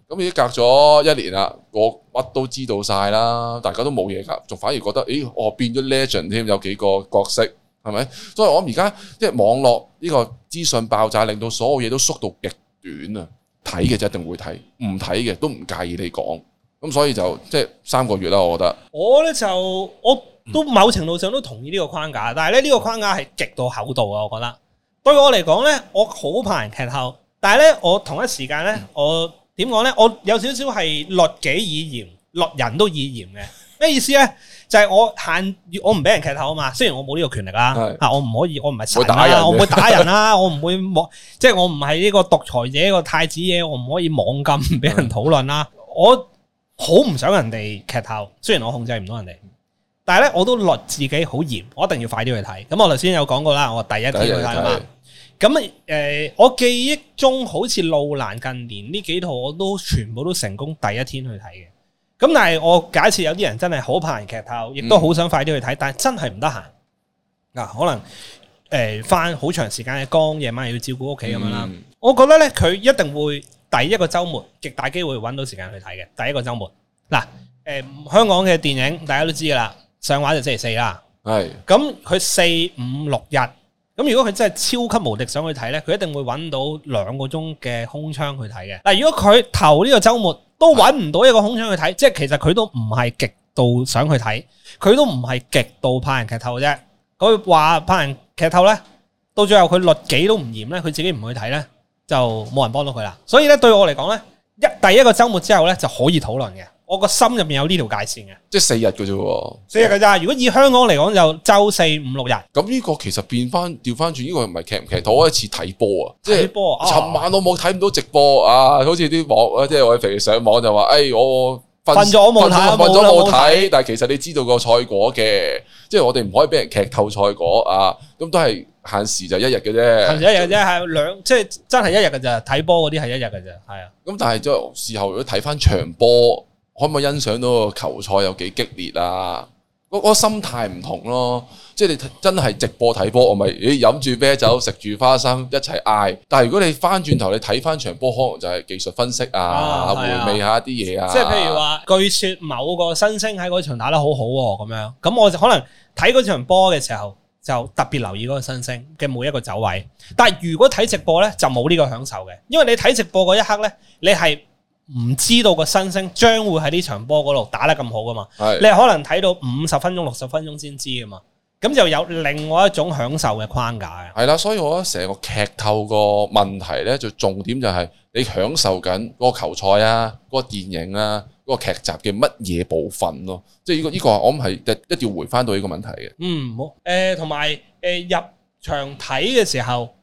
咁已經隔咗一年啦，我乜都知道晒啦，大家都冇嘢噶，仲反而覺得咦，我、哦、變咗 legend 添，有幾個角色。係咪？所以我而家即係網絡呢個資訊爆炸，令到所有嘢都縮到極短啊！睇嘅就一定會睇，唔睇嘅都唔介意你講。咁所以就即係、就是、三個月啦，我覺得。我呢就我都某程度上都同意呢個框架，但係咧呢、這個框架係極度厚道啊！我覺得，對我嚟講呢，我好怕人劇透，但係呢，我同一時間呢，我點講呢？我有少少係律己以嚴，律人都以嚴嘅。咩意思呢？就係我限我唔俾人劇透啊嘛，雖然我冇呢個權力啦，啊是我唔可以我唔係神啦，我唔、啊、會打人啦、啊啊， 我唔會即係我唔係呢個獨裁者個太子嘢，我唔可以網禁俾人討論啦、啊。是的 我好唔想人哋劇透，雖然我控制唔到人哋，但係咧我都律自己好嚴，我一定要快啲去睇。咁我頭先有講過啦，我第一天去睇啊。咁誒、呃，我記憶中好似路蘭近年呢幾套我都全部都成功第一天去睇嘅。咁但係我假設有啲人真係好怕劇透，亦都好想快啲去睇，嗯、但係真係唔得閒。嗱，可能誒、呃、翻好長時間嘅工，夜晚要照顧屋企咁樣啦。嗯、我覺得呢，佢一定會第一個周末極大機會揾到時間去睇嘅。第一個周末嗱，誒、呃呃、香港嘅電影大家都知噶啦，上畫就星期四啦。係咁是，佢四五六日咁、呃，如果佢真係超級無敵想去睇呢，佢一定會揾到兩個鐘嘅空窗去睇嘅。嗱，如果佢頭呢個周末。都揾唔到一個空窗去睇，即係其實佢都唔係極度想去睇，佢都唔係極度怕人劇透啫。佢話怕人劇透咧，到最後佢律己都唔嚴咧，佢自己唔去睇咧，就冇人幫到佢啦。所以咧，對我嚟講咧，一第一個周末之後咧就可以討論嘅。我個心入面有呢條界線嘅，即係四日嘅啫，四日嘅咋，如果以香港嚟講，就周四五六日。咁呢個其實變翻調翻轉，呢個唔係劇唔劇透，一次睇波啊！睇波，尋晚我冇睇唔到直播啊，好似啲網，即係我肥上網就話，哎，我瞓咗，我冇睇，瞓咗冇睇，瞓咗冇睇。但係其實你知道個賽果嘅，即係我哋唔可以俾人劇透賽果啊。咁都係限時就一日嘅啫，係一日啫，係兩就，即係真係一日嘅咋。睇波嗰啲係一日嘅咋。係啊。咁但係就事後如果睇翻場波。可唔可以欣賞到個球賽有幾激烈啊？我個心態唔同咯，即係你真係直播睇波，我咪咦，飲住啤酒食住花生一齊嗌。但係如果你翻轉頭你睇翻場波，可能就係技術分析啊，回味下啲嘢啊。啊啊即係譬如話，據說某個新星喺嗰場打得好好、啊、喎，咁樣咁我就可能睇嗰場波嘅時候就特別留意嗰個新星嘅每一個走位。但係如果睇直播呢，就冇呢個享受嘅，因為你睇直播嗰一刻呢，你係。唔知道個新星將會喺呢場波嗰度打得咁好噶嘛？係的你可能睇到五十分鐘、六十分鐘先知噶嘛？咁就有另外一種享受嘅框架啊！係啦，所以我覺得成個劇透個問題咧，就重點就係你享受緊個球賽啊、嗰個電影啊、嗰個劇集嘅乜嘢部分咯、啊，即係呢個呢個，呢個、我諗係一一定要回翻到呢個問題嘅、嗯。嗯，好、嗯。誒，同埋誒，入場睇嘅時候。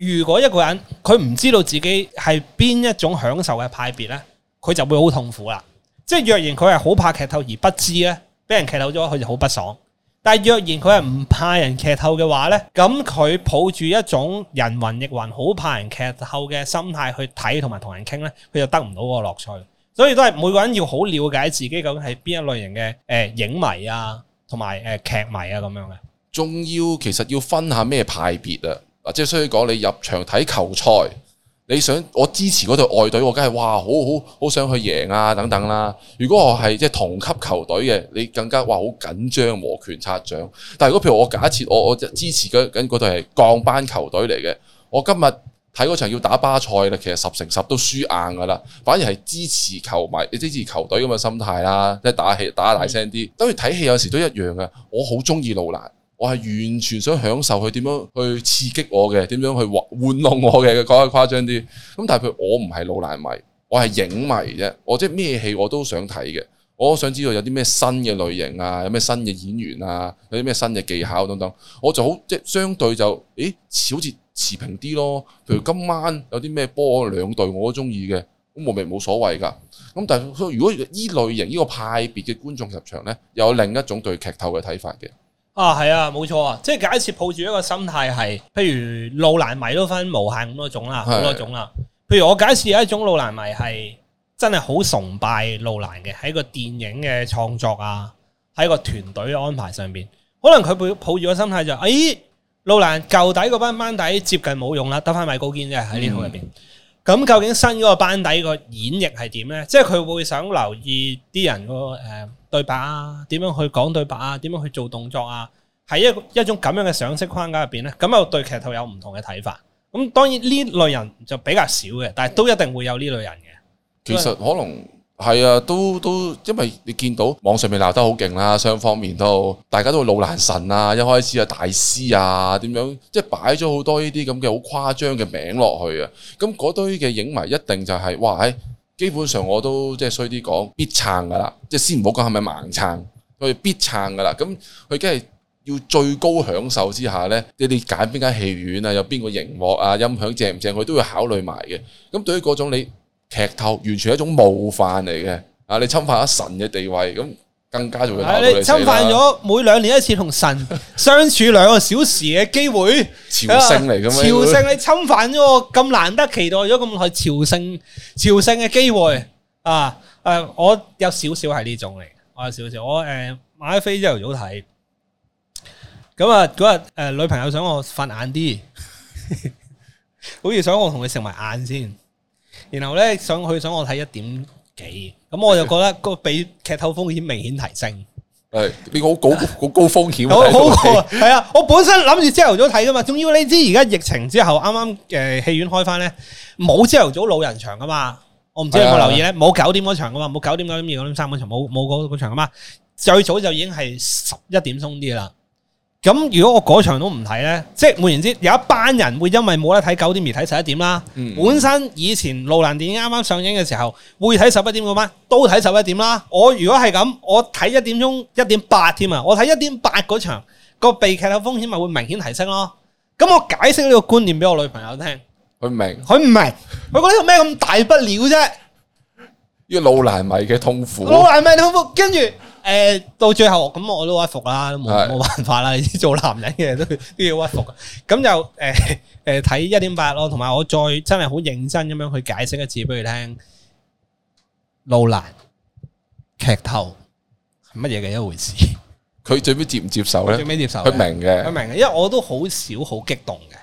如果一個人佢唔知道自己係邊一種享受嘅派別呢，佢就會好痛苦啦。即係若然佢係好怕劇透而不知呢，俾人劇透咗，佢就好不爽。但係若然佢係唔怕人劇透嘅話呢，咁佢抱住一種人云亦云、好怕人劇透嘅心態去睇同埋同人傾呢，佢就得唔到個樂趣。所以都係每個人要好了解自己究竟係邊一類型嘅誒影迷，啊，同埋誒劇迷啊咁樣嘅。仲要其實要分下咩派別啊。嗱，即係雖以講，你入場睇球賽，你想我支持嗰隊外隊，我梗係哇，好好好想去贏啊，等等啦。如果我係即係同級球隊嘅，你更加哇，好緊張，摩拳擦掌。但係如果譬如我假設我我支持緊嗰隊係降班球隊嚟嘅，我今日睇嗰場要打巴賽啦，其實十成十都輸硬噶啦。反而係支持球迷，你支持球隊咁嘅心態啦，即係打氣打大聲啲。當然睇戲有時都一樣嘅，我好中意路蘭。我係完全想享受佢點樣去刺激我嘅，點樣去玩弄我嘅，講得誇張啲。咁但係佢我唔係路蘭迷，我係影迷啫。我即係咩戲我都想睇嘅，我想知道有啲咩新嘅類型啊，有咩新嘅演員啊，有啲咩新嘅技巧等等。我就好即係相對就，誒，好似持平啲咯。譬如今晚有啲咩波兩隊我都中意嘅，咁我咪冇所謂噶。咁但係如果依類型呢個派別嘅觀眾入場咧，又有另一種對劇透嘅睇法嘅。啊，係啊，冇錯啊，即係假設抱住一個心態係，譬如路蘭迷都分無限咁是的 多種啦，好多種啦。譬如我假設有一種路蘭迷係真係好崇拜路蘭嘅，喺個電影嘅創作啊，喺個團隊安排上邊，可能佢抱抱住個心態就是，哎，路蘭舊底嗰班班底接近冇用啦，得翻米高堅嘅喺呢度入邊。咁究竟新嗰個班底個演繹係點呢？即係佢會想留意啲人個誒對白啊，點樣去講對白啊，點樣去做動作啊？喺一一種咁樣嘅賞識框架入邊咧，咁又對劇透有唔同嘅睇法。咁當然呢類人就比較少嘅，但係都一定會有呢類人嘅。其實可能。係啊，都都，因為你見到網上面鬧得好勁啦，雙方面都，大家都會老難神啊，一開始啊，大師啊，點樣，即係擺咗好多呢啲咁嘅好誇張嘅名落去啊，咁嗰堆嘅影迷一定就係、是，哇，喺基本上我都即係衰啲講必撐噶啦，即係先唔好講係咪盲撐，佢必撐噶啦，咁佢梗係要最高享受之下呢，你哋揀邊間戲院啊，有邊個熒幕啊，音響正唔正，佢都會考慮埋嘅，咁對於嗰種你。劇透完全係一種冒犯嚟嘅，啊！你侵犯咗神嘅地位，咁更加仲要。你侵犯咗每兩年一次同神相處兩個小時嘅機會，朝聖嚟咁樣。朝聖，你侵犯咗個咁難得期待咗咁耐朝聖朝聖嘅機會啊！誒、啊，我有少少係呢種嚟，我有少少。我誒買、呃、飛之後早睇，咁啊嗰日誒女朋友想我瞓眼啲， 好似想我同佢食埋晏先。然後咧上去想我睇一點幾，咁我就覺得個比劇透風險明顯提升，係呢個好高好高風險，係啊！我本身諗住朝頭早睇噶嘛，仲要你知而家疫情之後，啱啱嘅戲院開翻咧，冇朝頭早老人場噶嘛，我唔知你有冇留意咧，冇九點嗰場噶嘛，冇九點九點二九點三嗰場，冇冇嗰嗰場噶嘛，最早就已經係十一點鬆啲啦。咁如果我嗰場都唔睇呢？即係換言之，有一班人會因為冇得睇九點而睇十一點啦。嗯、本身以前路蘭電影啱啱上映嘅時候會睇十一點嘅嗎？都睇十一點啦。我如果係咁，我睇一點鐘一點八添啊！我睇一點八嗰場個被劇嘅風險咪會明顯提升咯。咁我解釋呢個觀念俾我女朋友聽，佢唔明，佢唔明，佢 覺得咩咁大不了啫。因嘅路蘭迷嘅痛苦，路難迷痛苦，跟住誒，到最後咁我都屈服啦，冇冇是辦法啦，做男人嘅都都要屈服。咁 就誒誒睇一點八咯，同、呃、埋、呃、我再真係好認真咁樣去解釋一次俾佢聽，路難劇透係乜嘢嘅一回事，佢最尾接唔接受咧？最尾接受，佢明嘅，佢明嘅，因為我都好少好激動嘅，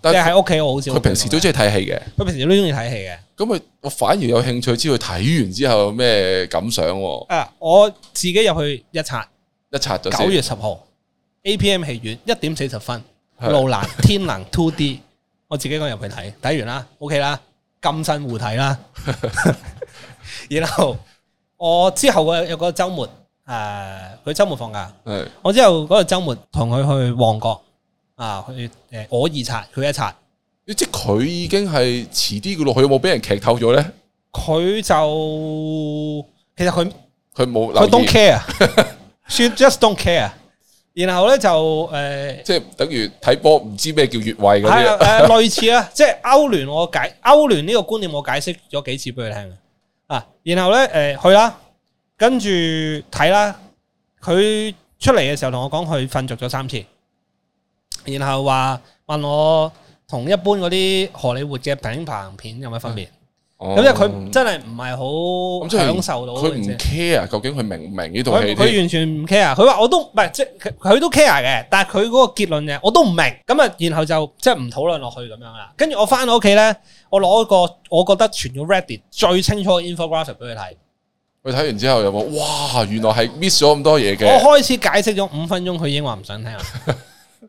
但 即係喺屋企我好少很。佢平時都中意睇戲嘅，佢平時都中意睇戲嘅。咁我反而有興趣知佢睇完之後咩感想，啊？誒、啊，我自己入去一刷，一刷就九月十號 A P M 戲院一點四十分，路蘭天能 Two D， 我自己咁入去睇，睇完啦，OK 啦，金身護體啦。 然後我之後有個週末誒，佢，啊、週末放假，是我之後嗰個週末同佢去旺角啊，去誒，我二刷佢一刷。即係佢已經係遲啲嘅落去有冇俾人劇透咗咧？佢就其實佢佢冇佢 don't care，she just don't care。然後咧就誒，呃、即係等於睇波唔知咩叫越位嗰啲啊，呃，類似啊，即係歐聯，我解歐聯呢個觀念，我解釋咗幾次俾佢聽啊。然後咧誒、呃、去啦，跟住睇啦，佢出嚟嘅時候同我講佢瞓着咗三次，然後話問我，同一般嗰啲荷里活嘅平行片有咩分別？咁即係佢真係唔係好享受到，佢唔 care 究竟佢明唔明呢套戲？佢完全唔 care，佢話我都唔係即係佢都 care 嘅，但係佢嗰個結論嘅我都唔明，咁啊，然後就即係唔討論落去咁樣啦。跟住我翻到屋企咧，我攞個我覺得全咗 Reddit 最清楚嘅 infographic 俾佢睇。佢睇完之後有冇？哇！原來係 miss 咗咁多嘢嘅，嗯。我開始解釋咗五分鐘，佢已經話唔想聽啦。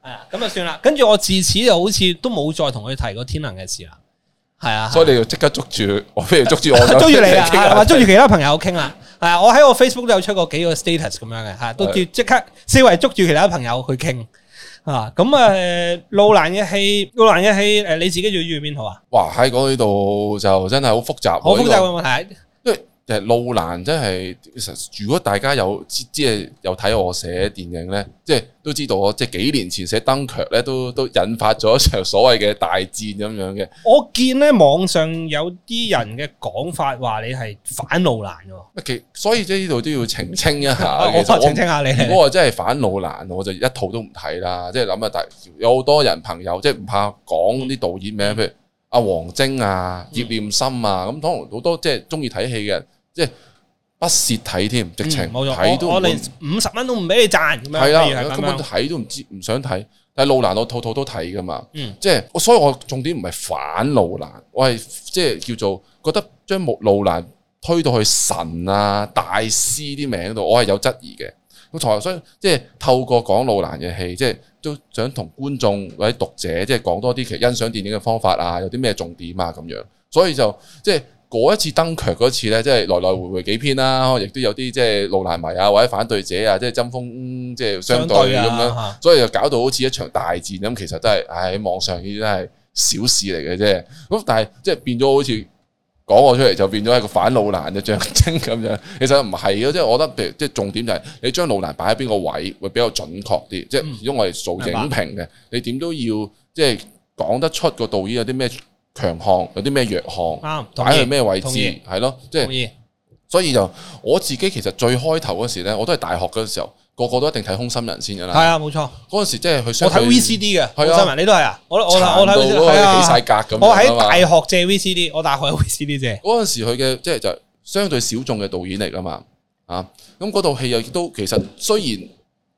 係啊，咁、 嗯、就算啦。跟住我自此就好似都冇再同佢提過天能嘅事啦。係啊，啊所以你要即刻捉住，我不如捉住我，捉 住你啊，捉住其他朋友傾啦。係啊，我喺我 Facebook 都有出過幾個 status 咁樣嘅吓，啊啊、都叫即刻四圍捉住其他朋友去傾啊。咁啊，路蘭嘅戲，路蘭嘅戲，誒，你自己要轉變好啊。哇，喺嗰度就真係好複雜，啊，好複雜嘅問題。就係路蘭，真係。如果大家有即係有睇我寫電影咧，即係都知道我即係幾年前寫燈劇咧，都都引發咗一場所謂嘅大戰咁樣嘅。我見咧網上有啲人嘅講法話你係反路蘭嘅，所以即係呢度都要澄清一下。我澄清下你。如果我真係反路蘭，我就一套都唔睇啦。即係諗下，大有好多人朋友，即係唔怕講啲導演名，譬如阿王晶啊、葉念琛啊，咁可能好多即係中意睇戲嘅。即係不屑睇添，直情睇都不不、嗯，我連五十蚊都唔俾你賺。係啦，根本睇都唔知，唔想睇。但係路蘭，我套套都睇噶嘛。嗯，即係所以我重點唔係反路蘭，我係即係叫做覺得將木路蘭推到去神啊大師啲名度，我係有質疑嘅。咁所以，所以即係透過講路蘭嘅戲，即係都想同觀眾或者讀者即係講多啲其實欣賞電影嘅方法啊，有啲咩重點啊咁樣。所以就即係。嗰一次登強嗰一次咧，即係來來回回幾篇啦，亦都有啲即係路難迷啊，或者反對者啊，即係針鋒即係相對咁樣，所以就搞到好似一場大戰咁。其實都係喺網上已經真係小事嚟嘅啫。咁但係即係變咗好似講我出嚟就變咗一個反路蘭嘅象徵咁樣。其實唔係嘅，即係我覺得，譬如即係重點就係、是、你將路蘭擺喺邊個位會比較準確啲。即係因為做影評嘅，白你點都要即係講得出個導演有啲咩？強項有啲咩弱項，擺喺咩位置？係意咯，即係，意所以就我自己其實最開頭嗰時咧，我都係大學嗰陣時候，個個都一定睇《空心人》先噶啦。係啊，冇錯。嗰陣時即係佢相睇 V C D 嘅《空心人》，你都係啊？我我睇到都係幾晒格咁。我喺大學借 V C D，樣我，我大學 V C D 借。嗰陣時佢嘅即係就相對小眾嘅導演嚟噶嘛？啊，咁嗰套戲又都其實雖然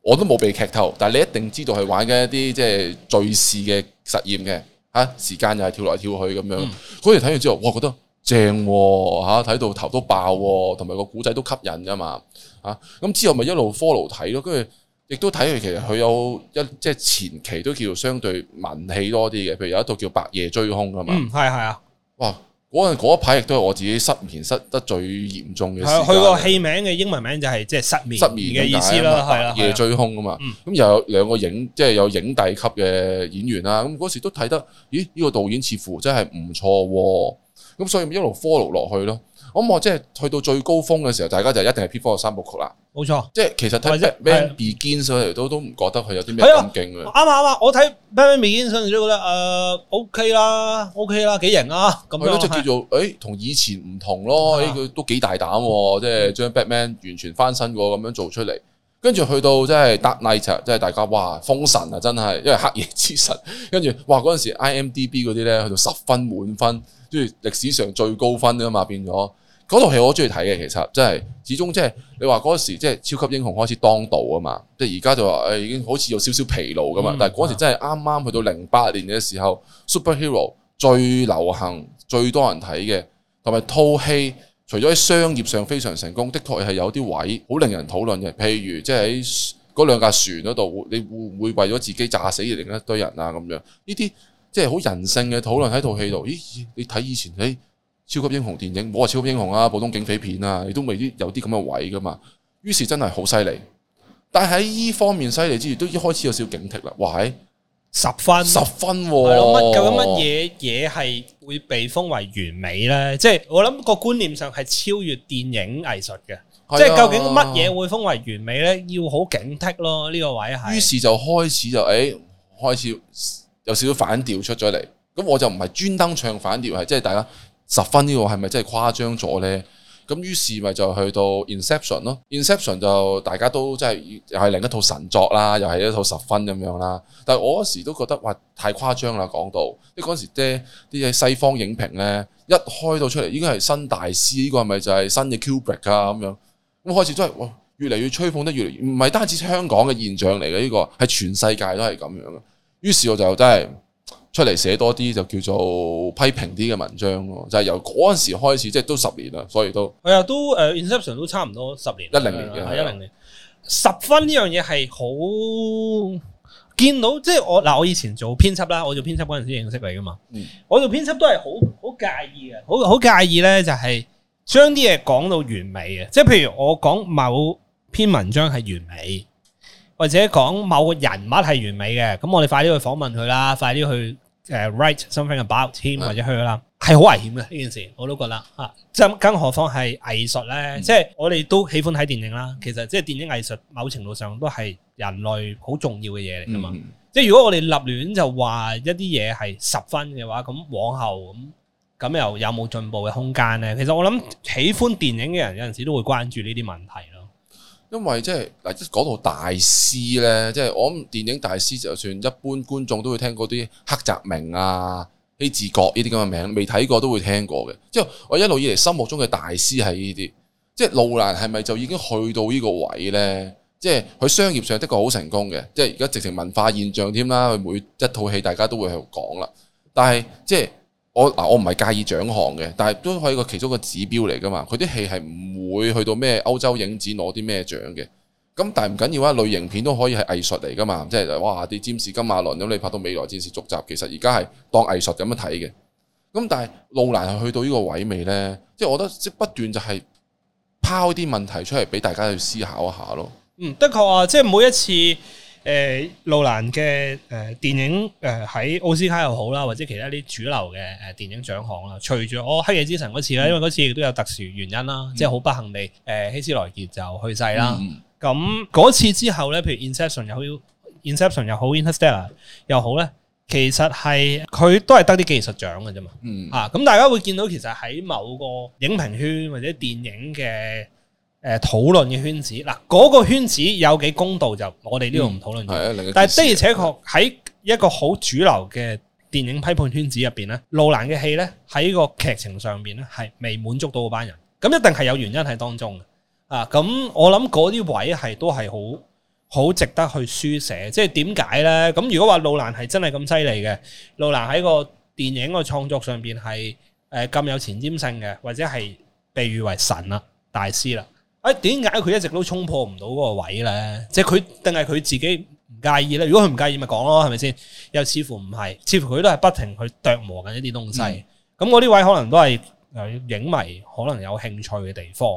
我都冇被劇透，但係你一定知道係玩緊一啲即係敘事嘅實驗嘅。啊！時間又係跳來跳去咁樣，嗰陣睇完之後，哇！覺得正喎，睇到頭都爆、啊，同埋個古仔都吸引噶嘛嚇。咁、啊啊、之後咪一路 follow 睇咯，跟住亦都睇佢其實佢有一即係、就是、前期都叫做相對文氣多啲嘅，譬如有一套叫《白夜追兇》噶嘛。嗯，係係啊。哇！嗰陣一排亦都係我自己失眠失，失得最嚴重嘅時候。佢個戲名嘅英文名就係即係失眠嘅意思啦，係啦，為對夜追兇啊嘛。咁又有兩個影，即、就、係、是、有影帝級嘅演員啦。咁嗰、嗯、時都睇得，咦？呢、這個導演似乎真係唔錯，咁所以咪一路 follow 落去咯。咁、嗯、我即係去到最高峰嘅時候，大家就一定係 P four 嘅三部曲啦。冇錯錯，即係其實睇 Batman Begins 上嚟都都唔覺得佢有啲咩咁勁嘅。啱啊啱我睇 Batman Begins 上都覺得誒 OK 啦，OK 啦，幾型啊咁樣。即係叫做誒，同、欸、以前唔同咯。呢個的、欸、都幾大膽，即係將 Batman 完全翻身喎，咁樣做出嚟。跟住去到即係 Dark Knight 即係大家哇封神啊，真係，因為黑夜之神。跟住哇嗰陣時 IMDB 嗰啲咧，去到十分滿分，即係歷史上最高分啊嘛，變咗。嗰套戲我好中意睇嘅，其實真係始終即係你話嗰時即係超級英雄開始當道啊嘛，即係而家就話誒已經好似有少少疲勞㗎嘛。嗯，但係嗰時真係啱啱去到零八年嘅時候，superhero 最流行、最多人睇嘅，同埋套戲除咗喺商業上非常成功，的確係有啲位好令人討論嘅，譬如即係喺嗰兩架船嗰度，你會唔會為咗自己炸死另一堆人啊咁樣？呢啲即係好人性嘅討論喺套戲度。咦？你睇以前你。超級英雄電影冇話超級英雄啊，普通警匪片啊，亦都未必有啲咁嘅位噶嘛。於是真係好犀利，但係喺呢方面犀利之餘，都一開始有少警惕啦。喂，十分十分，係咯？究竟乜嘢嘢係會被封為完美咧？即係我諗個觀念上係超越電影藝術嘅，即係究竟乜嘢會封為完美咧？要好警惕咯，呢個位係。於是就開始就誒、哎，開始有少少反調出咗嚟。咁我就唔係專登唱反調，係即係大家。十分呢個係咪真係誇張咗呢？咁於是咪就去到 Inception 咯，Inception 就大家都真係又係另一套神作啦，又係一套十分咁樣啦。但係我嗰時都覺得哇，太誇張啦，講到即係嗰時啲啲西、西方影評呢，一開到出嚟已經係新大師，呢、呢個係咪就係新嘅 Kubrick 啊咁樣？咁開始真係哇，越嚟越吹捧得越嚟，唔係單止香港嘅現象嚟嘅呢個，係全世界都係咁樣。於是我就真係。出嚟寫多啲就叫做批評啲嘅文章咯，就係、是、由嗰陣時開始，即係都十年啦，所以都係啊，都誒、呃、Inception 都差唔多十年，一零年係一零年，的的十分呢樣嘢係好見到，即係我嗱、啊，我以前做編輯啦，我做編輯嗰陣時認識你噶嘛，嗯、我做編輯都係好好介意嘅，好好介意咧就係將啲嘢講到完美嘅，即係譬如我講某篇文章係完美，或者講某個人物係完美嘅，咁我哋快啲去訪問佢啦，快啲去。誒、uh,，write something about him、嗯、或者佢啦，係好危險嘅呢件事，我都覺得吓。咁更何況係藝術咧，嗯、即係我哋都喜歡睇電影啦。其實即係電影藝術，某程度上都係人類好重要嘅嘢嚟噶嘛。嗯、即係如果我哋立亂就話一啲嘢係十分嘅話，咁往後咁咁又有冇進步嘅空間咧？其實我諗喜歡電影嘅人有陣時都會關注呢啲問題。因為即係嗱，一講到大師呢，即係我諗電影大師就算一般觀眾都會聽嗰啲黑澤明啊、希治閣呢啲咁嘅名，未睇過都會聽過嘅。即係我一路以嚟心目中嘅大師係呢啲，即係路蘭係咪就已經去到呢個位呢？即係佢商業上的確好成功嘅，即係而家直情文化現象添啦。佢每一套戲大家都會喺度講啦，但係即係。就是我嗱，我唔係介意獎項嘅，但係都可以一個其中一個指標嚟噶嘛。佢啲戲係唔會去到咩歐洲影展攞啲咩獎嘅。咁但係唔緊要啊，類型片都可以係藝術嚟噶嘛。即係哇，啲《占士金馬倫》咁你拍到《未來戰士》續集，其實而家係當藝術咁樣睇嘅。咁但係路蘭係去到呢個位未呢？即係我覺得即不斷就係拋啲問題出嚟俾大家去思考一下咯。嗯，的確啊，即係每一次。誒路蘭嘅誒電影誒喺奧斯卡又好啦，或者其他啲主流嘅誒電影獎項啦，隨住我黑夜之神嗰次咧，因為嗰次亦都有特殊原因啦，即係好不幸地誒希斯萊傑就去世啦。咁嗰次之後咧，譬如 Inception 又好，Inception 又好，Interstellar 又好咧，其實係佢都係得啲技術獎嘅啫嘛。嗯啊，咁大家會見到其實喺某個影評圈或者電影嘅誒討論嘅圈子嗱，嗰、那個圈子有幾公道就我哋呢度唔討論。嗯啊、但係的而且確喺、嗯、一個好主流嘅電影批判圈子入邊呢，路蘭嘅戲呢，喺個劇情上面呢，係未滿足到嗰班人，咁一定係有原因喺當中嘅。啊，咁我諗嗰啲位係都係好好值得去書寫，即係點解呢？咁如果話路蘭係真係咁犀利嘅，路蘭喺個電影個創作上邊係誒咁有前瞻性嘅，或者係被譽為神啦、大師啦。誒，點解佢一直都沖破唔到嗰個位咧？即係佢定係佢自己唔介意咧？如果佢唔介意，咪講咯，係咪先？又似乎唔係，似乎佢都係不停去琢磨緊一啲東西。咁嗰啲位可能都係誒影迷可能有興趣嘅地方。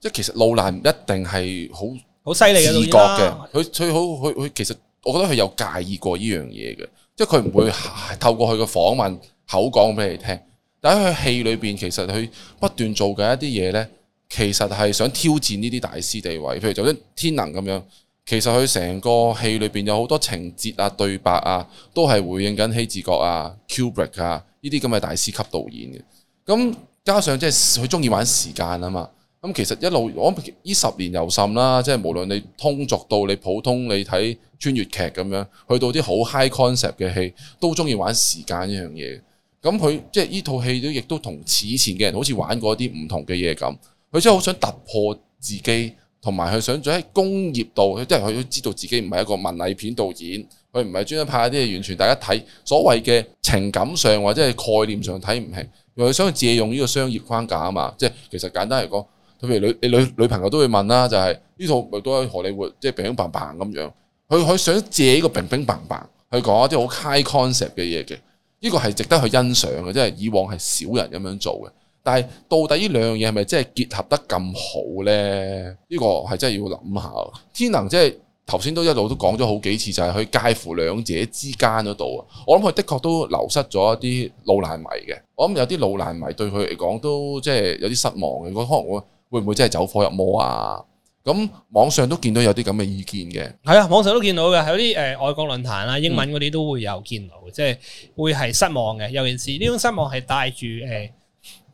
即係其實路蘭一定係好好犀利嘅自覺嘅，佢最好佢佢其實我覺得佢有介意過呢樣嘢嘅，即係佢唔會透過佢嘅訪問口講俾你聽。但係佢戲裏邊，其實佢不斷做嘅一啲嘢咧。其實係想挑戰呢啲大師地位，譬如就好似天能咁樣，其實佢成個戲裏邊有好多情節啊、對白啊，都係回應緊希治閣啊、Kubrick 啊呢啲咁嘅大師級導演嘅。咁加上即係佢中意玩時間啊嘛，咁其實一路我諗呢十年又甚啦，即係無論你通俗到你普通你睇穿越劇咁樣，去到啲好 high concept 嘅戲，都中意玩時間呢樣嘢。咁佢即係呢套戲都亦都同此前嘅人好似玩過一啲唔同嘅嘢咁。佢真係好想突破自己，同埋佢想做喺工業度，佢都係佢知道自己唔係一個文藝片導演，佢唔係專一拍一啲嘢完全大家睇所謂嘅情感上或者係概念上睇唔起，佢想去借用呢個商業框架啊嘛。即係其實簡單嚟講，譬如女你，你女你女朋友都會問啦，就係呢套咪都係荷里活即係乒乒棒棒咁樣，佢佢想借呢個乒乒棒棒去講一啲好 high concept 嘅嘢嘅，呢個係值得去欣賞嘅，即係以往係少人咁樣做嘅。但係到底呢兩樣嘢係咪真係結合得咁好咧？呢個係真係要諗下。天能即係頭先都一路都講咗好幾次，就係去介乎兩者之間嗰度。我諗佢的確都流失咗一啲路蘭迷嘅。我諗有啲路蘭迷對佢嚟講都即係有啲失望嘅。佢可能會會唔會真係走火入魔啊？咁網上都見到有啲咁嘅意見嘅。係啊，網上都見到嘅，係有啲誒外國論壇啦、英文嗰啲都會有見到，嗯、即係會係失望嘅。尤其是呢種失望係帶住誒。呃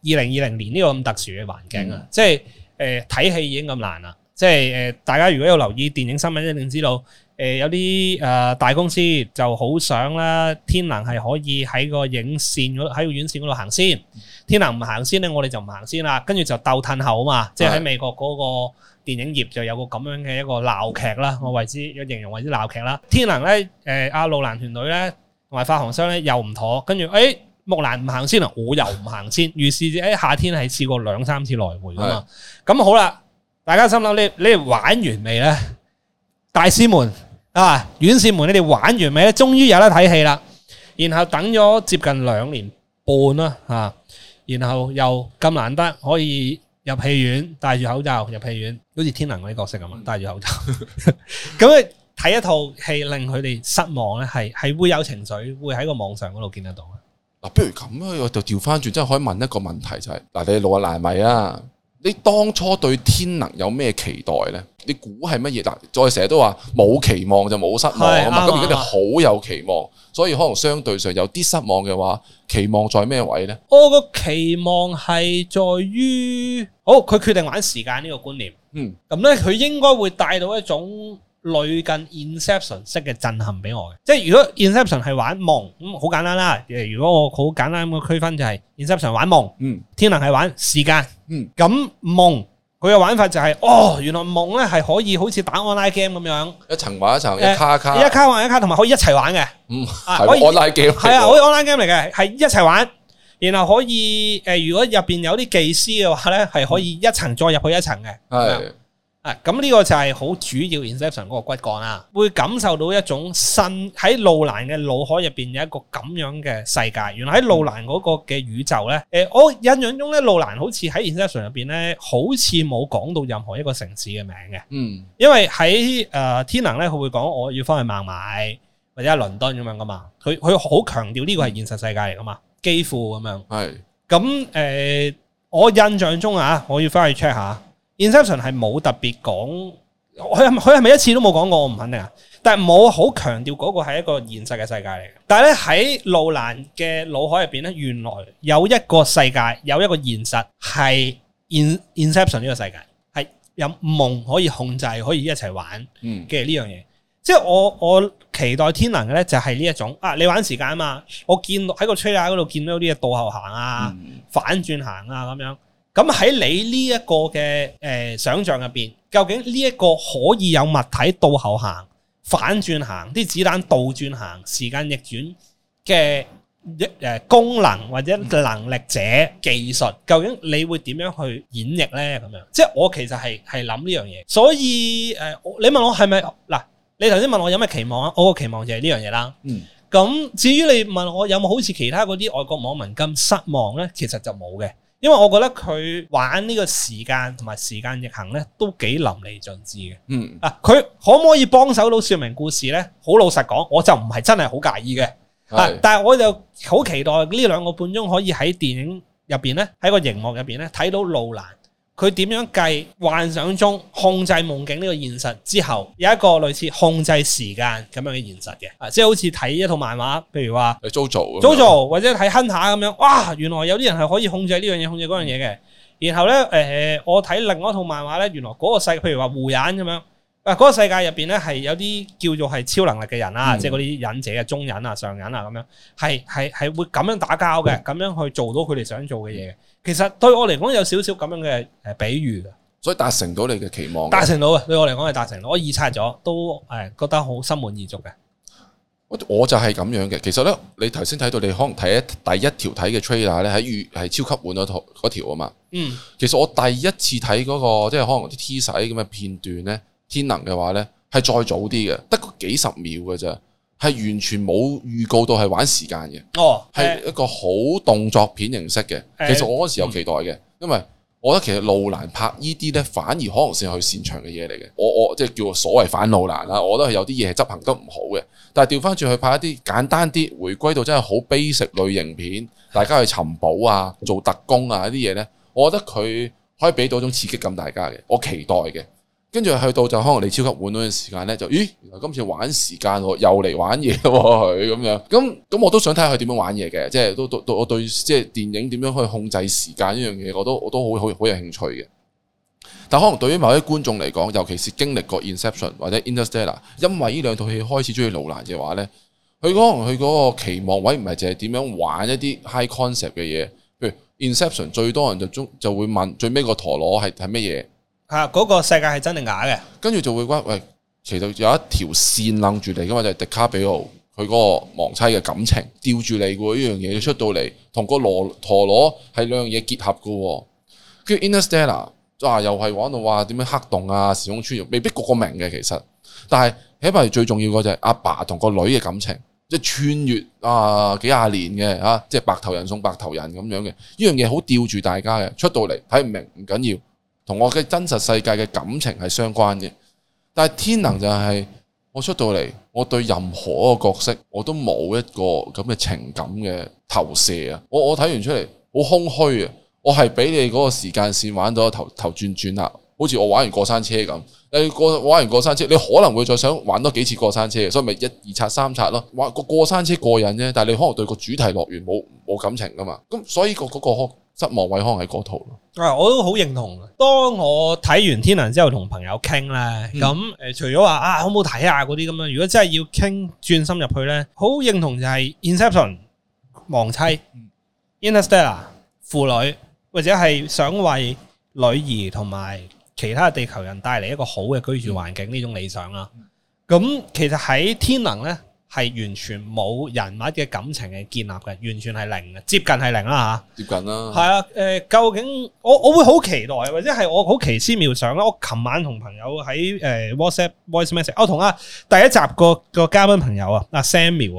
二零二零年呢個咁特殊嘅環境啊，嗯、即係誒睇戲已經咁難啦，即係誒、呃、大家如果有留意電影新聞，一定知道誒、呃、有啲誒、呃、大公司就好想啦，天能係可以喺個影線喺個院線嗰度行先，天能唔行先咧，我哋就唔行先啦，跟住就鬥褪後啊嘛，即係喺美國嗰個電影業就有個咁樣嘅一個鬧劇啦，我為之形容為之鬧劇啦，天能咧誒阿路蘭團隊咧同埋發行商咧又唔妥，跟住誒。欸木蘭唔行先啦，我又唔行先。於是誒，夏天係試過兩三次來回噶嘛。咁是的 好啦，大家心諗你你哋玩完未咧？大師們啊，院士們，你哋玩完未咧？終於有得睇戲啦！然後等咗接近兩年半啦，啊，然後又咁難得可以入戲院，戴住口罩入戲院，好似天能嗰啲角色咁啊，戴住口罩。咁你睇一套戲令佢哋失望咧，係係會有情緒，會喺個網上嗰度見得到。嗱、啊，不如咁我就調翻轉，真係可以問一個問題，就係、是、嗱，你路蘭迷啊，你當初對天能有咩期待呢？你估係乜嘢？嗱、啊，再成日都話冇期望就冇失望啊嘛，咁而家你好有期望，所以可能相對上有啲失望嘅話，期望在咩位呢？我個期望係在於，好，佢決定玩時間呢、這個觀念，嗯，咁咧佢應該會帶到一種。類近 inception 式嘅震撼俾我嘅，即係如果 inception 係玩夢咁好簡單啦。如果我好簡單咁嘅區分就係 inception 玩夢，嗯，天能係玩時間，嗯，咁夢佢嘅玩法就係哦，原來夢咧係可以好似打 online game 咁樣，一層玩一層一卡卡，一卡玩一卡，同埋可以一齊玩嘅，嗯，係 online game，係啊，可以 online game 嚟嘅，係一齊玩，然後可以誒，如果入邊有啲技師嘅話咧，係可以一層再入去一層嘅，係。啊，咁呢、嗯、個就係好主要 Inception 嗰、那個骨幹啦，會感受到一種新喺路蘭嘅腦海入邊有一個咁樣嘅世界。原來喺路蘭嗰個嘅宇宙咧，誒、嗯，我印象中咧路蘭好似喺 Inception 入邊咧，好似冇講到任何一個城市嘅名嘅。嗯，因為喺誒、呃、天能咧，佢會講我要翻去孟買或者係倫敦咁樣噶嘛。佢佢好強調呢個係現實世界嚟噶嘛，嗯、幾乎咁樣。係是，咁誒、呃，我印象中啊，我要翻去 check 下。Inception 係冇特別講，佢佢係咪一次都冇講過？我唔肯定啊。但係冇好強調嗰個係一個現實嘅世界嚟嘅。但係咧喺路蘭嘅腦海入邊咧，原來有一個世界，有一個現實係 In Inception 呢個世界，係有夢可以控制，可以一齊玩嘅呢樣嘢。嗯、即係我我期待天能嘅咧，就係呢一種啊！你玩時間啊嘛，我見喺個 Twitter 嗰度見到啲嘢倒後行啊，嗯、反轉行啊咁樣。咁喺你呢一個嘅誒想象入邊，究竟呢一個可以有物體倒後行、反轉行，啲子彈倒轉行、時間逆轉嘅誒功能或者能力者技術，嗯、究竟你會點樣去演繹呢？咁樣，即係我其實係係諗呢樣嘢。所以誒，你問我係咪？嗱，你頭先問我有咩期望啊？我個期望就係呢樣嘢啦。嗯。咁至於你問我有冇好似其他嗰啲外國網民咁失望呢？其實就冇嘅。因為我覺得佢玩呢個時間同埋時間逆行都幾淋漓盡致嘅。嗯，啊，佢可唔可以幫手到說明故事呢？好老實講，我就唔係真係好介意嘅是、啊。但係我就好期待呢兩個半鐘可以喺電影入面，咧，喺個熒幕入面咧睇到路蘭。佢點樣計幻想中控制夢境呢個現實之後，有一個類似控制時間咁樣嘅現實嘅，啊，即係好似睇一套漫畫，譬如話，JoJo 或者睇 Hunter 咁樣，哇，原來有啲人係可以控制呢樣嘢，控制嗰樣嘢嘅。嗯、然後咧，誒、呃，我睇另外一套漫畫咧，原來嗰個世，譬如話護眼咁樣。嗱，嗰個世界入邊咧，係有啲叫做係超能力嘅人啊，嗯、即係嗰啲忍者啊、中忍啊、上忍啊咁樣，係係係會咁樣打交嘅，咁、嗯、樣去做到佢哋想做嘅嘢。嗯、其實對我嚟講，有少少咁樣嘅誒比喻嘅，所以達成到你嘅期望，達成到啊！對我嚟講係達成到，我預測咗都誒覺得好心滿意足嘅。我就係咁樣嘅。其實咧，你頭先睇到你可能睇第一條睇嘅 trailer 咧，喺預係超級碗嗰套嗰條啊嘛。嗯。其實我第一次睇嗰、嗰個即係可能啲 teaser 咁嘅片段咧。天能嘅話呢，係再早啲嘅，得個幾十秒嘅啫，係完全冇預告到係玩時間嘅。哦，係一個好動作片形式嘅。哦、其實我嗰時有期待嘅，嗯、因為我覺得其實路難拍呢啲呢，反而可能係佢擅長嘅嘢嚟嘅。我我即係叫做所謂反路難啦。我覺得係有啲嘢係執行得唔好嘅。但係調翻轉去拍一啲簡單啲，回歸到真係好悲 a s 類型片，大家去尋寶啊、做特工啊嗰啲嘢呢，我覺得佢可以俾到一種刺激感，大家嘅，我期待嘅。跟住去到就可能你超級碗嗰段時間咧，就咦，原來今次玩時間喎，又嚟玩嘢喎、啊，佢咁樣。咁咁我都想睇下佢點樣玩嘢嘅，即係都對我對即係電影點樣去控制時間呢樣嘢，我都我都好好有興趣嘅。但可能對於某啲觀眾嚟講，尤其是經歷過 Inception 或者 Interstellar，因為呢兩套戲開始中意路蘭嘅話呢，佢可能佢嗰個期望位唔係淨係點樣玩一啲 high concept 嘅嘢，譬如 Inception 最多人就中就會問最尾個陀螺係係咩嘢？啊！嗰、嗰個世界係真定假嘅？跟住就會話喂，其實有一條線楞住嚟㗎嘛，就係、是、迪卡比奧佢嗰個亡妻嘅感情吊住你嘅喎，呢樣嘢出到嚟，同個羅陀螺係兩樣嘢結合嘅。跟住 Interstellar 啊又係玩到話點樣黑洞啊，時空穿越，未必個個明嘅其實。但係起碼係最重要嘅就係阿爸同個女嘅感情，即係穿越啊幾廿年嘅啊，即係白頭人送白頭人咁樣嘅，呢樣嘢好吊住大家嘅，出到嚟睇唔明唔緊要。同我嘅真實世界嘅感情係相關嘅，但係天能就係、係、我出到嚟，我對任何一個角色我都冇一個咁嘅情感嘅投射啊！我我睇完出嚟好空虛啊！我係俾你嗰個時間線玩到頭頭轉轉啦，好似我玩完過山車咁。你過玩完過山車，你可能會再想玩多幾次過山車，所以咪一二刷三刷咯。玩個過山車過癮啫，但係你可能對個主題樂園冇冇感情㗎嘛？咁所以個、嗰、嗰個。失望位可能係嗰套咯。啊、嗯，我都好認同。當我睇完《天能》之後，同朋友傾咧，咁誒、嗯，除咗話啊，好唔好睇下嗰啲咁啊，如果真係要傾，轉心入去咧，好認同就係《Inception》亡妻，《Interstellar》父女，或者係想為女兒同埋其他地球人帶嚟一個好嘅居住環境呢、嗯、種理想啦。咁、嗯嗯嗯、其實喺《天能》咧，係完全冇人物嘅感情嘅建立嘅，完全係零嘅，接近係零啦嚇。接近啦。係啊，誒、呃，究竟我我會好期待或者係我好奇思妙想啦。我琴晚同朋友喺誒、呃、WhatsApp Voice Message，我同啊第一集個、呃那個嘉賓朋友啊，阿 Sammy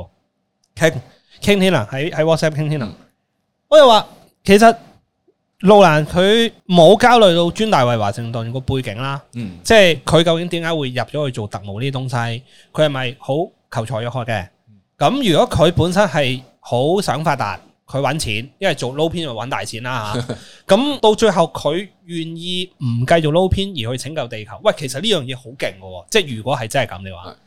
傾傾天啊，喺喺 WhatsApp 傾天啊、嗯。我又話其實路蘭佢冇交待到尊大衞華盛頓個背景啦，嗯，即係佢究竟點解會入咗去做特務呢啲東西？佢係咪好？求財約開嘅，咁如果佢本身係好想發達，佢揾錢，因為做撈偏就揾大錢啦吓。咁 到最後佢願意唔繼續撈偏而去拯救地球，喂，其實呢樣嘢好勁嘅，即係如果係真係咁嘅話，是的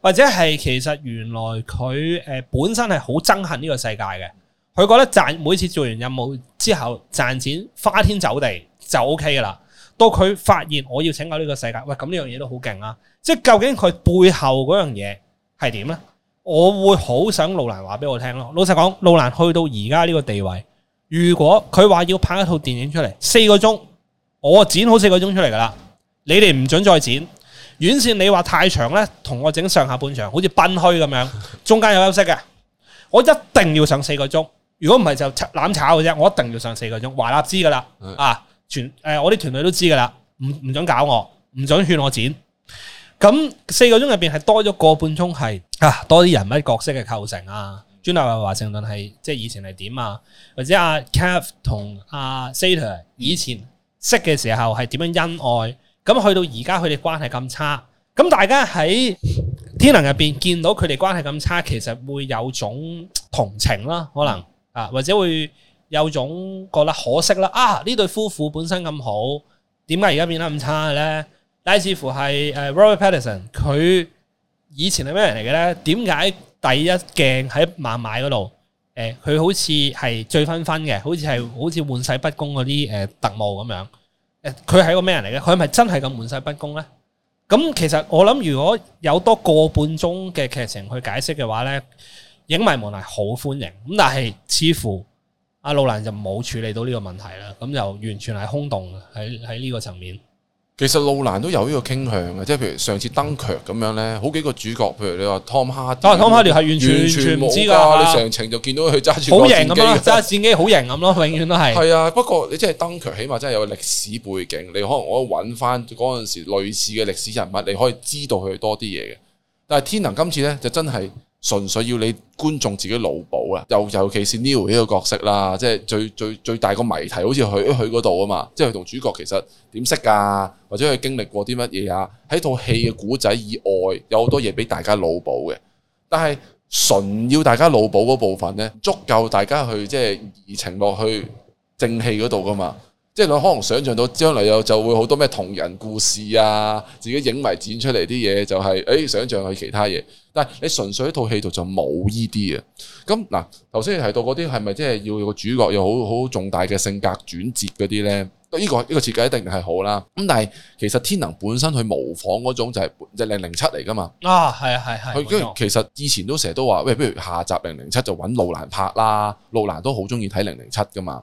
或者係其實原來佢誒本身係好憎恨呢個世界嘅，佢覺得賺每次做完任務之後賺錢花天酒地就 O K 噶啦。到佢發現我要拯救呢個世界，喂，咁呢樣嘢都好勁啊！即係究竟佢背後嗰樣嘢？係點呢？我會好想路蘭話俾我聽咯。老實講，路蘭去到而家呢個地位，如果佢話要拍一套電影出嚟，四個鐘，我剪好四個鐘出嚟噶啦。你哋唔准再剪。院線你話太長呢，同我整上下半場，好似賓虛咁樣，中間有休息嘅。我一定要上四個鐘，如果唔係就賊攬炒嘅啫。我一定要上四個鐘，華納知噶啦，是啊，全誒、呃、我啲團隊都知噶啦，唔唔想搞我，唔准勸我剪。咁四個鐘入邊係多咗個半鐘，係啊，多啲人物角色嘅構成啊。朱納華盛頓係即係以前係點啊？或者阿 Kat 同阿 Sator 以前識嘅時候係點樣恩愛？咁去到而家佢哋關係咁差，咁大家喺天能入邊見到佢哋關係咁差，其實會有種同情啦，可能啊，或者會有種覺得可惜啦。啊，呢對夫婦本身咁好，點解而家變得咁差咧？但係似乎係 Robert Pattinson 佢以前係咩人嚟嘅咧？點解第一鏡喺孟買嗰度？誒、呃，佢好似係醉醺醺嘅，好似係好似玩世不恭嗰啲誒特務咁樣。誒、呃，佢係一個咩人嚟嘅？佢係咪真係咁玩世不恭咧？咁其實我諗，如果有多個半鐘嘅劇情去解釋嘅話咧，影迷們係好歡迎。咁但係似乎阿路蘭就冇處理到呢個問題啦。咁就完全係空洞喺喺呢個層面。其實路蘭都有呢個傾向嘅，即係譬如上次 Dunkirk 咁樣咧，好幾個主角，譬如你話 Tom Hardy，Tom Hardy 係、啊、Hardy 完全完全唔知㗎，你上程就見到佢揸住架戰機好型，揸戰機好型咁咯，永遠都係。係啊，啊，不過你即係 Dunkirk，就是 er、起碼真係有歷史背景，你可能可以揾翻嗰陣時類似嘅歷史人物，你可以知道佢多啲嘢嘅。但係天能今次咧就真係。純粹要你觀眾自己腦補啊！又尤其是 Neil 呢個角色啦，即係最最最大個謎題，好似佢去嗰度啊嘛，即係佢同主角其實點識啊，或者佢經歷過啲乜嘢啊？喺套戲嘅古仔以外，有好多嘢俾大家腦補嘅。但係純要大家腦補嗰部分呢，足夠大家去即係移情落去正戲嗰度噶嘛。即係你可能想象到，將來又就會好多咩同人故事啊，自己影迷剪出嚟啲嘢，就係誒想象佢其他嘢。但係你純粹一套戲度就冇呢啲啊。咁嗱，頭先提到嗰啲係咪即係要有個主角有好好重大嘅性格轉折嗰啲咧？呢個、呢個設計一定係好啦。咁但係其實天能本身佢模仿嗰種就係即零零七嚟噶嘛。啊，係啊，係係、啊。佢跟、啊、其實用以前都成日都話，喂、哎，不如下集零零七就揾路蘭拍啦，路蘭都好中意睇零零七噶嘛。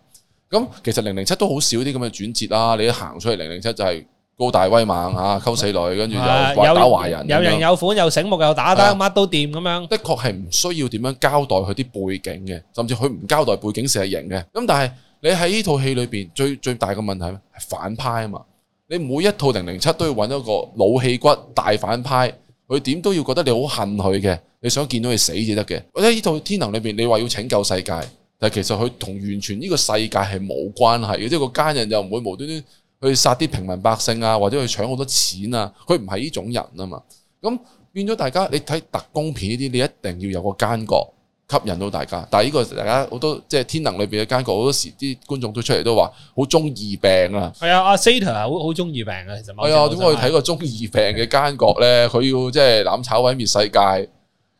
咁其實零零七都好少啲咁嘅轉折啦，你一行出嚟零零七就係高大威猛啊，溝死女，跟住又打壞人有，有人有款又醒目又打得乜的都掂咁樣。的確係唔需要點樣交代佢啲背景嘅，甚至佢唔交代背景成係型嘅。咁但係你喺呢套戲裏邊最最大嘅問題係反派啊嘛！你每一套零零七都要揾一個老戲骨大反派，佢點都要覺得你好恨佢嘅，你想見到佢死先得嘅。我覺得呢套天能裏邊，你話要拯救世界。但其實佢同完全呢個世界係冇關係嘅，即、就、係、是、個奸人又唔會無端端去殺啲平民百姓啊，或者去搶好多錢啊，佢唔係呢種人啊嘛。咁變咗大家，你睇特工片呢啲，你一定要有個奸角吸引到大家。但係呢個大家好多即係、就是、天能裏邊嘅奸角，好多時啲觀眾都出嚟都話好中二病啊。係、哎、啊，阿 Sator 係好好中二病啊，其實。係啊、哎，點解可以睇個中二病嘅奸角咧？佢、嗯、要即係攬炒毀滅世界。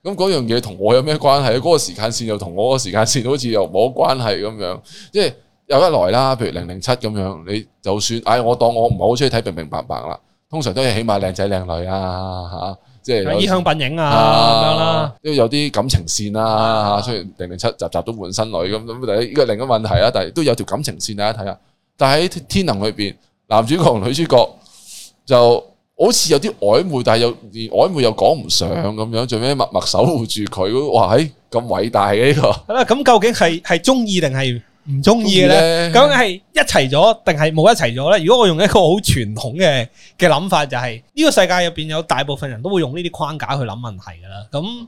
咁嗰樣嘢同我有咩關係？嗰、嗰個時間線又同我個時間線好似又冇關係咁樣，即係有一來啦，譬如零零七咁樣，你就算，唉、哎，我當我唔係好中意睇明明白白啦，通常都係起碼靚仔靚女啊，吓、啊，即係衣香鬢影啊咁樣啦，都、啊、有啲感情線啦、啊、吓，啊、雖然零零七集集都換新女咁，咁但係呢個另一個問題啊，但係都有條感情線大家睇下，但喺天能裏邊，男主角同女主角就。好似有啲曖昧，但係又曖昧又講唔上咁樣，做咩默默守護住佢。哇喺咁偉大嘅呢個。咁究竟係係中意定係唔中意咧？呢究竟係一齊咗定係冇一齊咗咧？如果我用一個好傳統嘅嘅諗法、就是，就係呢個世界入邊有大部分人都會用呢啲框架去諗問題噶啦。咁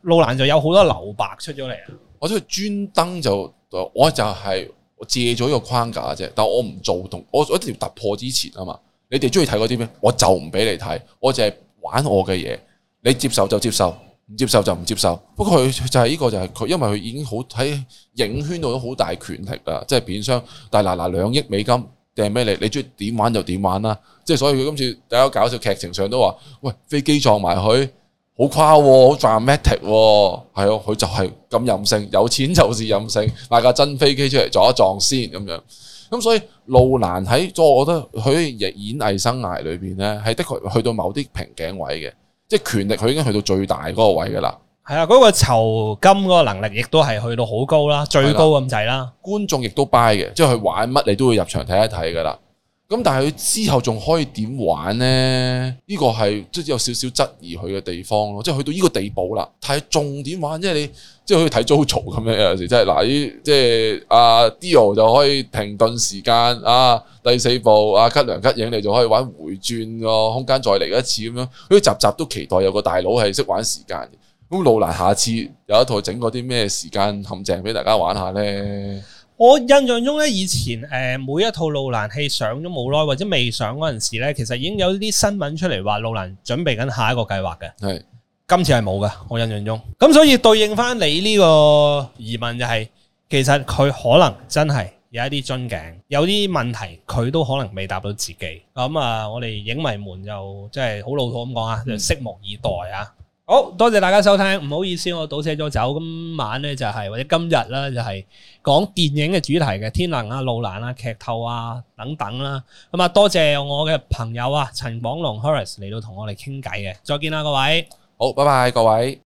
路蘭就有好多留白出咗嚟啊！我即係專登就，我就係借咗個框架啫，但我唔做同我一定要突破之前啊嘛。你哋中意睇嗰啲咩？我就唔俾你睇，我淨係玩我嘅嘢。你接受就接受，唔接受就唔接受。不過佢就係呢、這個，就係、是、佢，因為佢已經好喺影圈度都好大權力啦，即係片商。但係嗱嗱兩億美金掟俾你？你中意點玩就點玩啦。即、就、係、是、所以佢今次大家搞笑劇情上都話：，喂，飛機撞埋去，好誇、啊，好 dramatic，係、啊、咯？佢、啊、就係咁任性，有錢就是任性，大架真飛機出嚟撞一撞先咁樣。咁所以路蘭喺，所以我覺得佢演藝生涯裏邊咧，係的確去到某啲瓶頸位嘅，即係權力佢已經去到最大嗰個位噶啦。係啊，嗰個酬金嗰個能力亦都係去到好高啦，最高咁滯啦。觀眾亦都 buy 嘅，即係佢玩乜你都會入場睇一睇噶啦。咁但係佢之後仲可以玩呢、這個、點玩咧？呢個係即係有少少質疑佢嘅地方咯，即係去到呢個地步啦。睇重點玩，即係你即係好似睇 JoJo 咁樣，有時真係嗱，呢即係阿 Dio 就可以停頓時間啊，第四部阿、啊、吉良吉影你就可以玩回轉個空間再嚟一次咁樣，佢集集都期待有個大佬係識玩時間嘅。咁路蘭下次有一套整嗰啲咩時間陷阱俾大家玩下咧。我印象中咧，以前誒每一套路蘭戲上咗冇耐或者未上嗰陣時咧，其實已經有啲新聞出嚟話路蘭準備緊下一個計劃嘅。係是，今次係冇嘅。我印象中，咁所以對應翻你呢個疑問就係、是，其實佢可能真係有一啲樽頸，有啲問題佢都可能未答到自己。咁啊，我哋影迷們就即係好老土咁講啊，就拭目以待啊！嗯好多謝大家收聽，唔好意思我倒瀉咗酒，今晚呢、就是，就係或者今日呢，就係講電影嘅主題嘅天能啊、路蘭啊、劇透啊等等啦、啊，咁啊多謝我嘅朋友啊陳廣隆 Horace 嚟到同我哋傾偈嘅。再見啦各位，好拜拜各位。